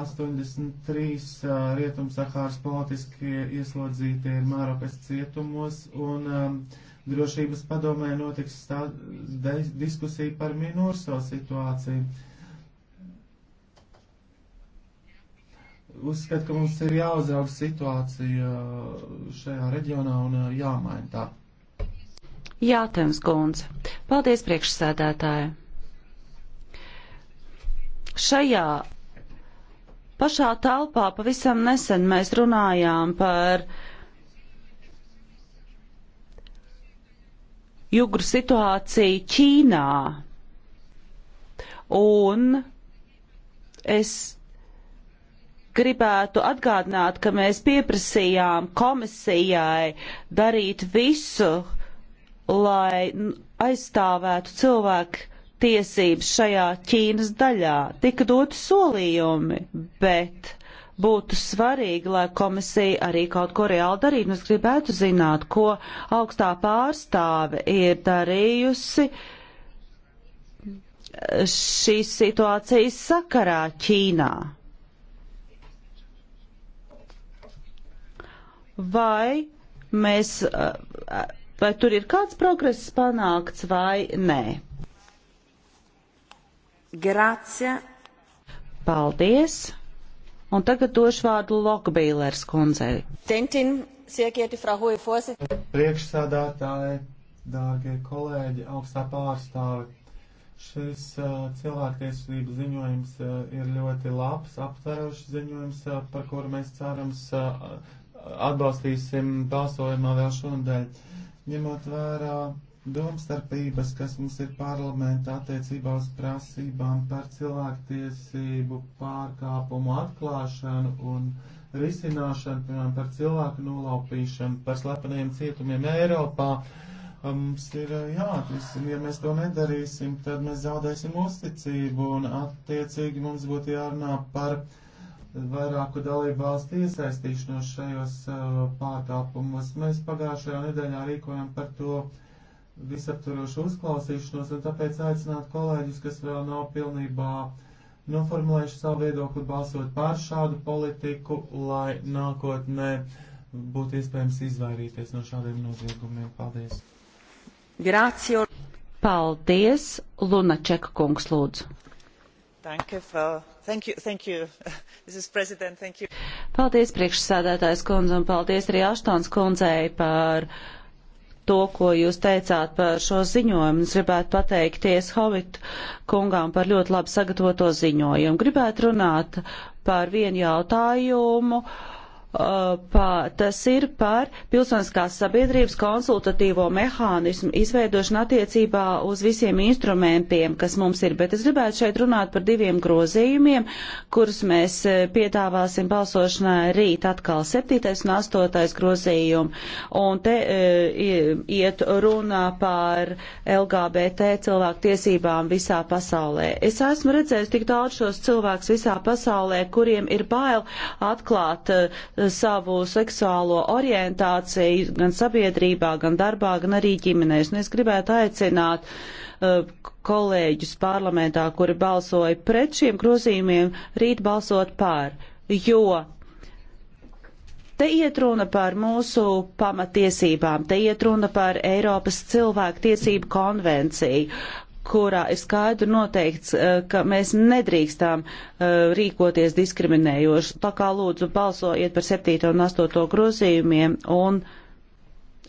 83 uh, eh, rietumsahāras politiskie ieslodzītie ir Mārokas cietumos un um, drošības padomē notiks tā, de, diskusija par minūrso situāciju uzskatu, ka mums ir jāuzrauga situācija uh, šajā reģionā un uh, jāmaina tā. Jā, Tēms Kundze. Paldies, priekšsēdētāji. Šajā pašā telpā pavisam nesen mēs runājām par jugru situāciju Ķīnā. Un es gribētu atgādināt, ka mēs pieprasījām komisijai darīt visu, lai aizstāvētu cilvēku tiesības šajā Ķīnas daļā. Tika doti solījumi, bet būtu svarīgi, lai komisija arī kaut ko reāli darītu. Mēs gribētu zināt, ko augstā pārstāve ir darījusi šīs situācijas sakarā Ķīnā. vai mēs, eh, vai tur ir kāds progress panākts vai nē. Grācija. Paldies. Un tagad došu vārdu Lokbīlers kundzei. Tentin, siekieti, frahoja fosi. Priekšsādātāji, dārgie kolēģi, augstā pārstāve. Šis uh, cilvēktiesību ziņojums uh, ir ļoti labs, aptverošs ziņojums, uh, par kuru mēs cerams uh, atbalstīsim balsojumā vēl šonadēļ, ņemot vērā domstarpības, kas mums ir parlamentā attiecībā uz prasībām par cilvēktiesību pārkāpumu atklāšanu un risināšanu, piemēram, par cilvēku nolaupīšanu, par slepeniem cietumiem Eiropā. Mums ir eh, jāatrisina, ja mēs to nedarīsim, tad mēs zaudēsim uzticību un attiecīgi mums būtu jārunā par uh, vairāku dalību valstu iesaistīšanos šajos uh, pārkāpumos. Mēs pagājušajā nedēļā rīkojam par to visaptvarošu uzklausīšanos, un tāpēc aicinātu kolēģus, kas vēl nav pilnībā noformulējuši savu viedokli, balsot pār šādu politiku, lai nākotnē būtu iespējams izvairīties no šādiem noziegumiem. Paldies! Grācio! Paldies! Lunačeka kungs lūdzu! [laughs] Paldies priekšsādātājs kundze un paldies arī Aštons kundzei par to, ko jūs teicāt par šo ziņojumu. Es gribētu pateikties Hovit kungām par ļoti labi sagatavoto ziņojumu. Gribētu runāt par vienu jautājumu. Uh, Uh, pā, tas ir par pilsoniskās sabiedrības konsultatīvo mehānismu izveidošanu attiecībā uz visiem instrumentiem, kas mums ir. Bet es gribētu šeit runāt par diviem grozījumiem, kurus mēs uh, piedāvāsim balsošanai rīt atkal 7. un 8. grozījumu. Un te e, iet runā par LGBT cilvēku tiesībām visā pasaulē. Es esmu redzējis tik daudz šos cilvēkus visā pasaulē, kuriem ir bail atklāt uh, savu seksuālo orientāciju gan sabiedrībā, gan darbā, gan arī ģimenēs. Un es gribētu aicināt uh, kolēģus parlamentā, kuri balsoja pret šiem grozījumiem, rīt balsot pār, jo Te iet runa par mūsu pamatiesībām, te iet runa par Eiropas cilvēku tiesību konvenciju, kurā ir skaidri noteikts, eh, ka mēs nedrīkstām eh, rīkoties diskriminējoši. Tā kā lūdzu balsojiet par 7. un 8. grozījumiem un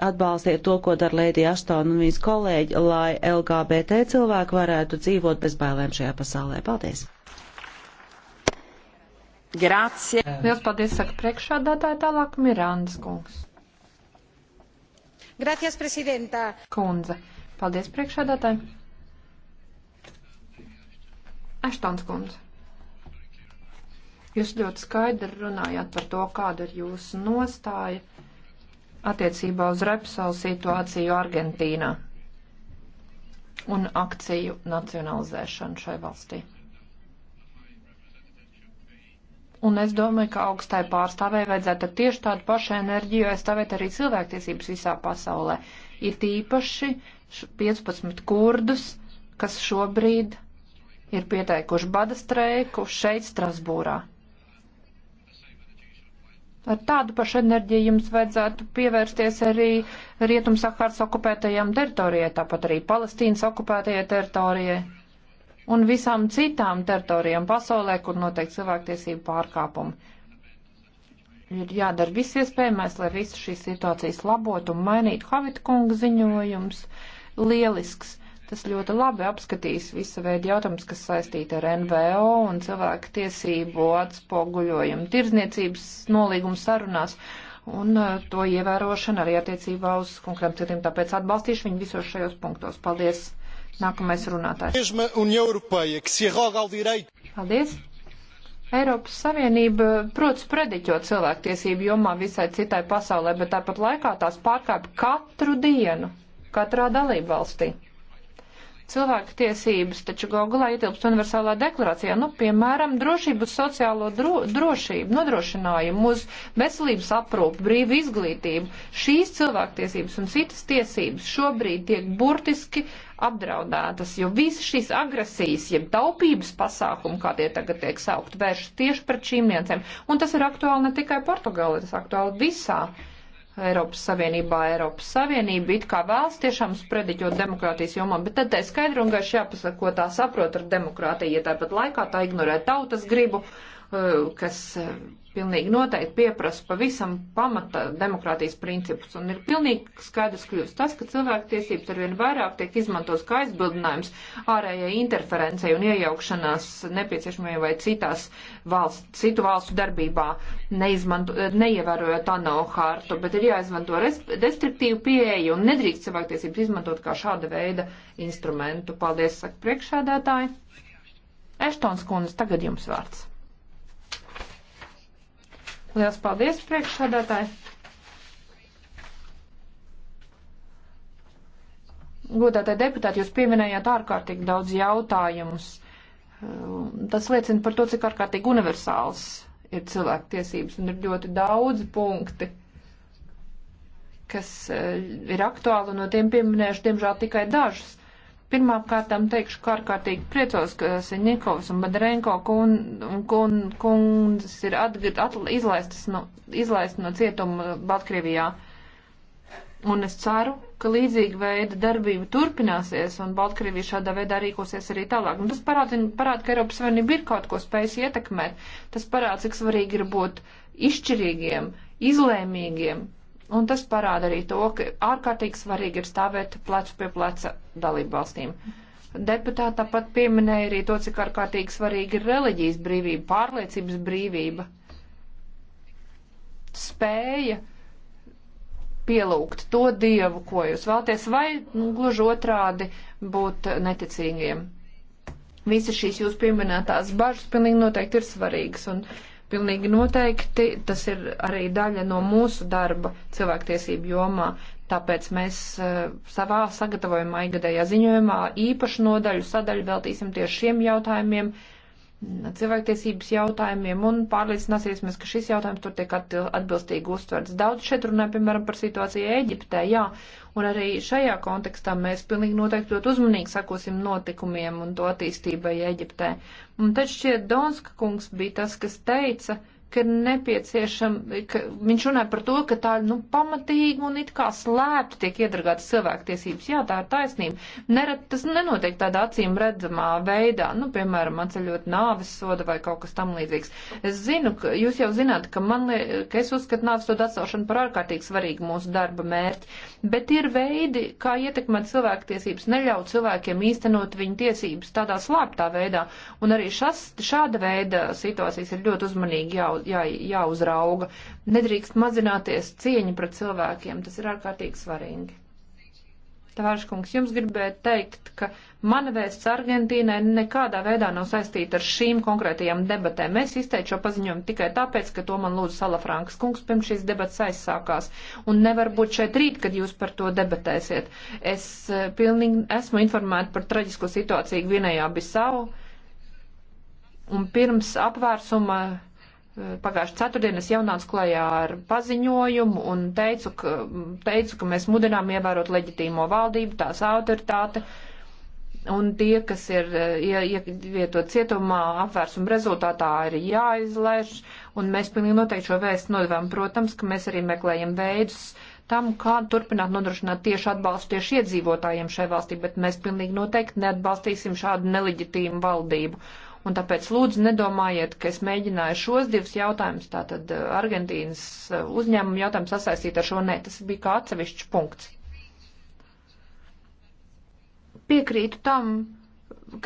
atbalstiet to, ko dara Lēdija Aštona un viņas kolēģi, lai LGBT cilvēki varētu dzīvot bez bailēm šajā pasaulē. Paldies! Grācie! Liels paldies, saka priekšādātāja tālāk Mirandas kungs. Grācies, prezidentā! Kundze! Paldies priekšādātāji! Eštons kundze. Jūs ļoti skaidri runājāt par to, kāda ir jūsu nostāja attiecībā uz Repsolu situāciju Argentīnā un akciju nacionalizēšanu šai valstī. Un es domāju, ka augstai pārstāvēji vajadzētu ar tieši tādu pašu enerģiju aizstāvēt arī cilvēktiesības visā pasaulē. Ir tīpaši 15 kurdus, kas šobrīd ir pieteikuši bada streiku šeit, Strasbūrā. Ar tādu pašu enerģiju jums vajadzētu pievērsties arī Rietumsakārs okupētajām teritorijai, tāpat arī Palestīnas okupētajai teritorijai un visām citām teritorijām pasaulē, kur notiek cilvēktiesību pārkāpumi. Ir jādara viss iespējamais, lai visu šīs situācijas labotu un mainītu. Havita kunga ziņojums lielisks. Tas ļoti labi apskatīs visu veidu jautājumus, kas saistīti ar NVO un cilvēku tiesību atspoguļojumu tirzniecības nolīgumu sarunās un uh, to ievērošanu arī attiecībā uz konkrētiem citiem. Tāpēc atbalstīšu viņu visos šajos punktos. Paldies! Nākamais runātājs. Paldies! Eiropas Savienība, protams, prediķo cilvēktiesību jomā visai citai pasaulē, bet tāpat laikā tās pārkāpj katru dienu, katrā dalību valstī cilvēku tiesības, taču Gogolā ietilpst universālā deklarācijā, nu, piemēram, drošību uz sociālo dro, drošību, nodrošinājumu uz veselības aprūpu, brīvu izglītību. Šīs cilvēktiesības un citas tiesības šobrīd tiek burtiski apdraudētas, jo visas šīs agresijas, jeb taupības pasākumi, kā tie tagad tiek saukt, vērš tieši pret šīm niecēm. Un tas ir aktuāli ne tikai Portugālē, tas aktuāli visā. Eiropas Savienībā Eiropas Savienība it kā vēlas tiešām sprediķot demokrātijas jomā, bet tad tai skaidri un gaiši jāpasaka, ko tā saprot ar demokrātiju, ja tāpat laikā tā ignorē tautas gribu kas eh, pilnīgi noteikti pieprasa pavisam pamata demokrātijas principus. Un ir pilnīgi skaidrs kļūst tas, ka cilvēktiesības arvien vairāk tiek izmantos kā aizbildinājums ārējai interferencei un iejaukšanās nepieciešamajai vai citās valsts, citu valstu darbībā, neizmanto, neievērojot ANO hartu, bet ir jāizmanto restriktīvu pieeju un nedrīkst cilvēktiesības izmantot kā šāda veida instrumentu. Paldies, saka priekšādētāji. Eštons kundze, tagad jums vārds. Liels paldies, priekšsādātāji! Godātai deputāti, jūs pieminējāt ārkārtīgi daudz jautājumus. Tas liecina par to, cik ārkārtīgi universāls ir cilvēktiesības un ir ļoti daudz punkti, kas eh, ir aktuāli, un no tiem pieminēšu, diemžēl, tikai dažus. Pirmām kārtām teikšu, kā ārkārtīgi priecos, ka Siņikovs un Badrenko kundzes kun, kun, ir atgad, atla, izlaistas no, izlaist no cietuma Baltkrievijā. Un es ceru, ka līdzīga veida darbība turpināsies un Baltkrievija šādā veidā rīkosies arī tālāk. Un tas parāda, parāda ka Eiropas Savienība ir kaut ko spējusi ietekmēt. Tas parāda, cik svarīgi ir būt izšķirīgiem, izlēmīgiem Un tas parāda arī to, ka ārkārtīgi svarīgi ir stāvēt plecu pie pleca dalību valstīm. Deputāta tāpat pieminēja arī to, cik ārkārtīgi svarīgi ir reliģijas brīvība, pārliecības brīvība, spēja pielūgt to dievu, ko jūs vēlaties, vai nu, gluži otrādi būt neticīgiem. Visas šīs jūs pieminētās bažas pilnīgi noteikti ir svarīgas, un Pilnīgi noteikti tas ir arī daļa no mūsu darba cilvēktiesību jomā, tāpēc mēs eh, savā sagatavojumā igadējā ziņojumā īpašu nodaļu sadaļu veltīsim tieši šiem jautājumiem cilvēktiesības jautājumiem un pārliecināsiesimies, ka šis jautājums tur tiek atbilstīgi uztverts. Daudz šeit runāja, piemēram, par situāciju Eģiptē, jā, un arī šajā kontekstā mēs pilnīgi noteikti ļoti uzmanīgi sakosim notikumiem un to attīstībai Eģiptē. Un tad šķiet Donska kungs bija tas, kas teica, uh, ka nepieciešama, ka viņš runāja par to, ka tā nu, pamatīgi un it kā slēpti tiek iedragātas cilvēktiesības. Jā, tā ir taisnība. Nerad, tas nenotiek tādā acīm redzamā veidā, nu, piemēram, atceļot nāves sodu vai kaut kas tam līdzīgs. Es zinu, ka jūs jau zināt, ka, man, ka es uzskatu nāves sodu atcelšanu par ārkārtīgi svarīgu mūsu darba mērķi, bet ir veidi, kā ietekmēt cilvēktiesības, neļaut cilvēkiem īstenot viņu tiesības tādā slēptā veidā. Un arī šas, šāda veida situācijas ir ļoti uzmanīgi jau, jā, jāuzrauga. Nedrīkst mazināties cieņa pret cilvēkiem, tas ir ārkārtīgi svarīgi. Tārškungs, jums gribētu teikt, ka mana vēsts Argentīnai nekādā veidā nav saistīta ar šīm konkrētajām debatēm. Es izteicu šo paziņojumu tikai tāpēc, ka to man lūdzu Salafrankas kungs pirms šīs debatas aizsākās. Un nevar būt šeit rīt, kad jūs par to debatēsiet. Es eh, pilnīgi esmu informēta par traģisko situāciju vienajā Bisau. Un pirms apvērsuma Pagājušā ceturtdienā es jau nācu klajā ar paziņojumu un teicu, ka, teicu, ka mēs mudinām ievērot leģitīmo valdību, tās autoritāti, un tie, kas ir ievietot cietumā apvērsuma rezultātā, ir jāizlaiž, un mēs pilnīgi noteikti šo vēstu nodevām. Protams, ka mēs arī meklējam veidus tam, kā turpināt nodrošināt tieši atbalstu tieši iedzīvotājiem šai valstī, bet mēs pilnīgi noteikti neatbalstīsim šādu neleģitīmu valdību un tāpēc lūdzu nedomājiet, ka es mēģināju šos divus jautājumus, tātad eh, Argentīnas eh, uzņēmumu jautājumu sasaistīt ar šo, nē, tas bija kā atsevišķs punkts. Piekrītu tam,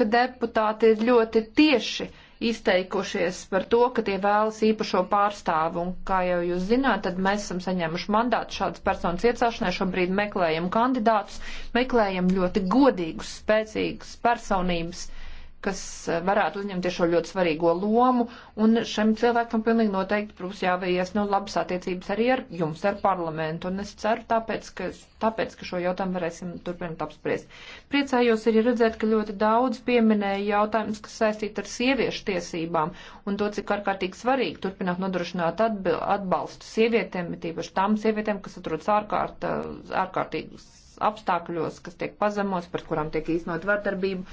ka deputāti ir ļoti tieši izteikušies par to, ka tie vēlas īpašo pārstāvu, un kā jau jūs zināt, tad mēs esam saņēmuši mandātu šādas personas iecelšanai, šobrīd meklējam kandidātus, meklējam ļoti godīgus, spēcīgus personības, kas eh, varētu uzņemties šo ļoti svarīgo lomu, un šim cilvēkam pilnīgi noteikti, protams, jāvējies no nu, labas attiecības arī ar jums, ar parlamentu, un es ceru tāpēc, ka, tāpēc, ka šo jautājumu varēsim turpināt apspriest. Priecājos arī redzēt, ka ļoti daudz pieminēja jautājumus, kas saistīti ar sieviešu tiesībām, un to, cik ārkārtīgi svarīgi turpināt nodrošināt atbalstu sievietēm, tīpaši tām sievietēm, kas atrodas ārkārt, ārkārtīgi apstākļos, kas tiek pazemots, par kurām tiek īstenot vardarbību.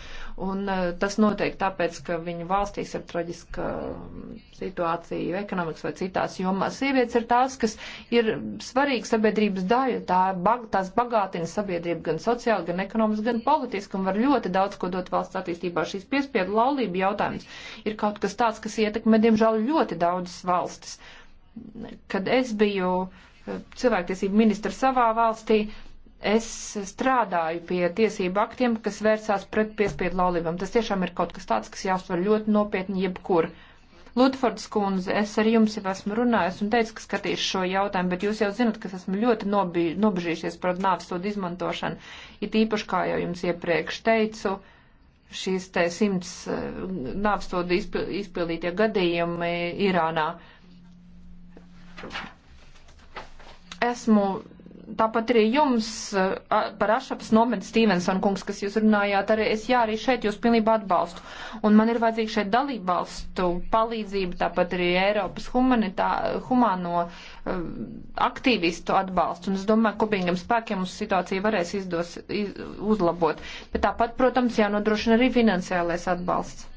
Un e, tas notiek tāpēc, ka viņu valstīs ir traģiska mm, situācija ekonomikas vai citās jomās. Sievietes ir tās, kas ir svarīga sabiedrības daļa, tā, bag, tās bagātina sabiedrību gan sociāli, gan ekonomiski, gan politiski un var ļoti daudz ko dot valsts attīstībā. Šīs piespiedu laulību jautājums ir kaut kas tāds, kas ietekmē, diemžēl, ļoti daudzas valstis. Kad es biju e, cilvēktiesību ministra savā valstī, es strādāju pie tiesību aktiem, kas vērsās pret piespiedu laulībām. Tas tiešām ir kaut kas tāds, kas jāuztver ļoti nopietni jebkur. Lutfords kundze, es ar jums jau esmu runājusi un teicu, ka skatīšu šo jautājumu, bet jūs jau zinat, ka esmu ļoti nobi, nobežījušies par nāves sodu izmantošanu. It īpaši, kā jau jums iepriekš teicu, šīs te simts eh, nāves sodu izpildītie gadījumi Irānā esmu tāpat arī jums eh, par Ašapas nomedu Stevenson kungs, kas jūs runājāt, arī es jā, arī šeit jūs pilnībā atbalstu. Un man ir vajadzīga šeit dalībvalstu palīdzība, tāpat arī Eiropas humanitā, humano eh, aktīvistu atbalstu. Un es domāju, kopīgiem spēkiem mums situācija varēs izdos, iz, uzlabot. Bet tāpat, protams, jānodrošina arī finansiālais atbalsts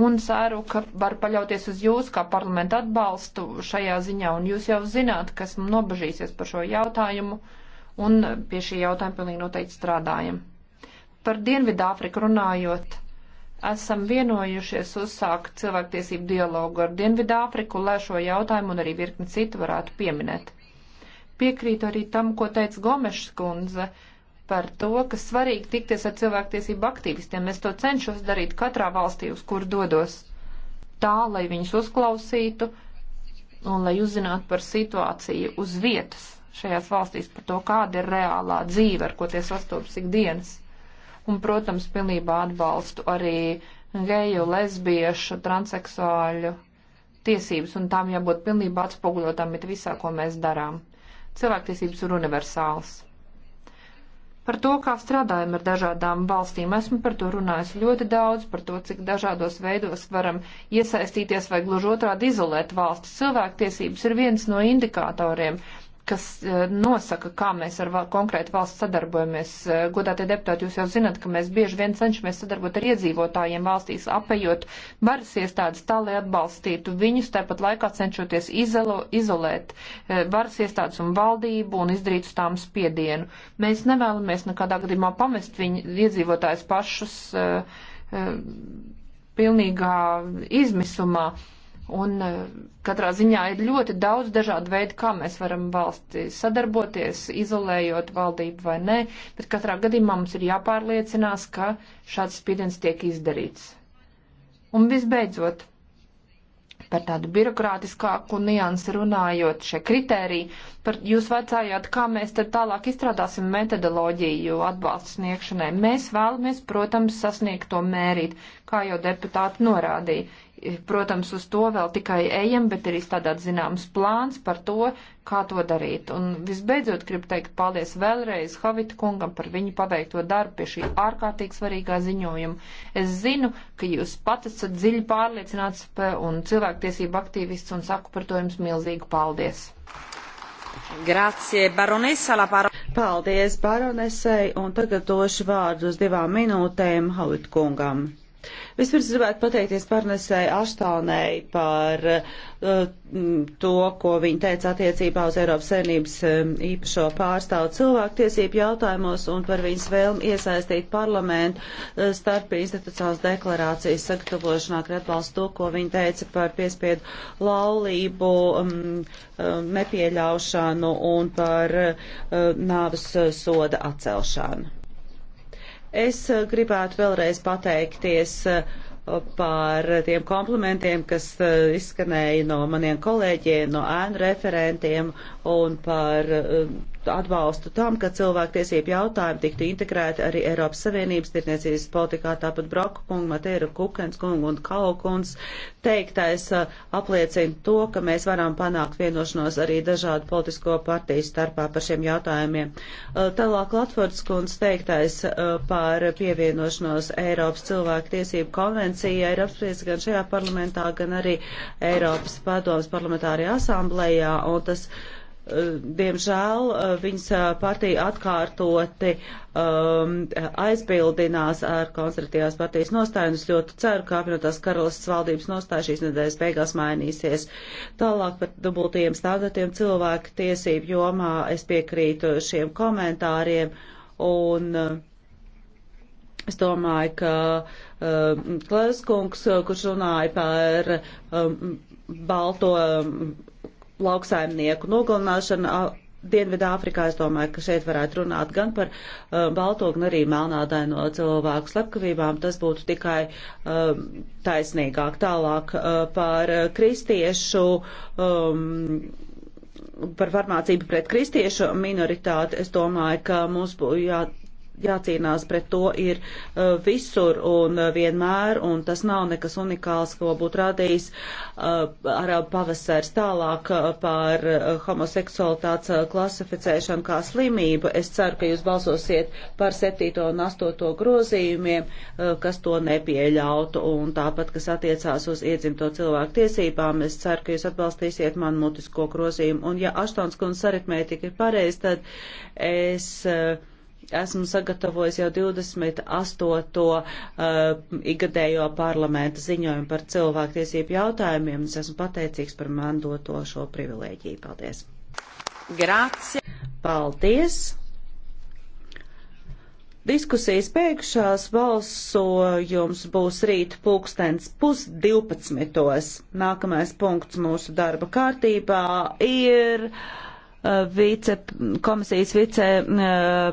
un ceru, ka var paļauties uz jūs kā parlamentu atbalstu šajā ziņā, un jūs jau zināt, kas nobežīsies par šo jautājumu, un pie šī jautājuma pilnīgi noteikti strādājam. Par Dienvidāfriku runājot, esam vienojušies uzsākt cilvēktiesību dialogu ar Dienvidāfriku, lai šo jautājumu un arī virkni citu varētu pieminēt. Piekrītu arī tam, ko teica Gomešs kundze, uh, par to, ka svarīgi tikties ar cilvēktiesību aktīvistiem. Es to cenšos darīt katrā valstī, uz kur dodos, tā, lai viņus uzklausītu un lai uzzinātu par situāciju uz vietas šajās valstīs, par to, kāda ir reālā dzīve, ar ko tie sastopas ikdienas. Un, protams, pilnībā atbalstu arī geju, lesbiešu, transseksuāļu tiesības, un tām jābūt pilnībā atspoguļotām it visā, ko mēs darām. Cilvēktiesības ir universāls par to, kā strādājam ar dažādām valstīm. Esmu par to runājusi ļoti daudz, par to, cik dažādos veidos varam iesaistīties vai gluži otrādi izolēt valstis. Cilvēktiesības ir viens no indikatoriem, kas eh, nosaka, kā mēs ar konkrētu valsts sadarbojamies. Eh, godātie deputāti, jūs jau zinat, ka mēs bieži vien cenšamies sadarbot ar iedzīvotājiem valstīs, apējot varas iestādes tā, lai atbalstītu viņus, tāpat laikā cenšoties izolo, izolēt eh, varas iestādes un valdību un izdarīt uz tām spiedienu. Mēs nevēlamies nekādā gadījumā pamest viņu iedzīvotājus pašus uh, uh, pilnīgā izmisumā. Uh, Un e, katrā ziņā ir ļoti daudz dažādu veidu, kā mēs varam valsti sadarboties, izolējot valdību vai nē, bet katrā gadījumā mums ir jāpārliecinās, ka šāds spiediens tiek izdarīts. Un visbeidzot, par tādu birokrātiskāku niansu runājot šie kriteriji, par jūs vecājāt, kā mēs tad tālāk izstrādāsim metodoloģiju atbalstu sniegšanai. Mēs vēlamies, protams, sasniegt to mērīt, kā jau deputāti norādīja. Protams, uz to vēl tikai ejam, bet ir izstādāts zināms plāns par to, kā to darīt. Un visbeidzot, gribu teikt paldies vēlreiz Havita kungam par viņu paveikto darbu pie šī ārkārtīgi svarīgā ziņojuma. Es zinu, ka jūs pat esat dziļi pārliecināts un cilvēktiesība aktīvists un saku par to jums milzīgu paldies. Grazie, baronesa, la parola. Paldies, baronesei, un tagad došu vārdu uz divām minūtēm Havita kungam. Vispirms gribētu pateikties pārnesēji Aštaunēji par uh, to, ko viņa teica attiecībā uz Eiropas saimnības um, īpašo pārstāvu cilvēktiesību jautājumos un par viņas vēlmi iesaistīt parlamentu uh, starp institucionālas deklarācijas sagatavošanā, kad atbalstu to, ko viņa teica par piespiedu laulību um, um, nepieļaušanu un par uh, nāves uh, soda atcelšanu. Es eh, gribētu vēlreiz pateikties eh, par tiem komplimentiem, kas eh, izskanēja no maniem kolēģiem, no ēnu referentiem un par atbalstu tam, ka cilvēktiesību jautājumi tiktu integrēti arī Eiropas Savienības tirniecības politikā, tāpat Broka kunga, Matēra Kukens kunga un Kalkuns teiktais uh, apliecina to, ka mēs varam panākt vienošanos arī dažādu politisko partiju starpā par šiem jautājumiem. Uh, tālāk Latvards kungs teiktais uh, par pievienošanos Eiropas cilvēktiesību konvencijai ir apspriests gan šajā parlamentā, gan arī Eiropas padomas parlamentārajā asamblējā, un tas uh, Diemžēl uh, viņas uh, partija atkārtoti um, aizbildinās ar konservatīvās partijas nostāju, un es ļoti ceru, ka apvienotās karalists valdības nostāja šīs nedēļas beigās mainīsies. Tālāk par dubultajiem standartiem cilvēku tiesību jomā es piekrītu šiem komentāriem, un uh, es domāju, ka um, Klēskungs, kurš runāja par um, balto. Um, lauksaimnieku nogalināšana Dienvidāfrikā. Es domāju, ka šeit varētu runāt gan par uh, balto, gan arī melnādaino cilvēku slepkavībām. Tas būtu tikai uh, taisnīgāk tālāk uh, par kristiešu. Um, par varmācību pret kristiešu minoritāti, es domāju, ka mums būtu jā, jācīnās pret to ir uh, visur un uh, vienmēr, un tas nav nekas unikāls, ko būtu radījis uh, arābu pavasars tālāk uh, par uh, homoseksualitātes uh, klasificēšanu kā slimību. Es ceru, ka jūs balsosiet par 7. un 8. grozījumiem, kas to nepieļautu, un tāpat, kas attiecās uz iedzimto cilvēku tiesībām, es ceru, ka jūs atbalstīsiet man mutisko grozījumu. Un ja Aštons kundzes aritmētika ir pareiz, tad es uh, esmu sagatavojis jau 28. Uh, igadējo parlamenta ziņojumu par cilvēktiesību jautājumiem. Es esmu pateicīgs par man doto šo privilēģiju. Paldies! Grācija! Paldies! Diskusijas beigšās balsojums būs rīt pulkstens pusdivpadsmitos. Nākamais punkts mūsu darba kārtībā ir eh, vice, komisijas vice eh,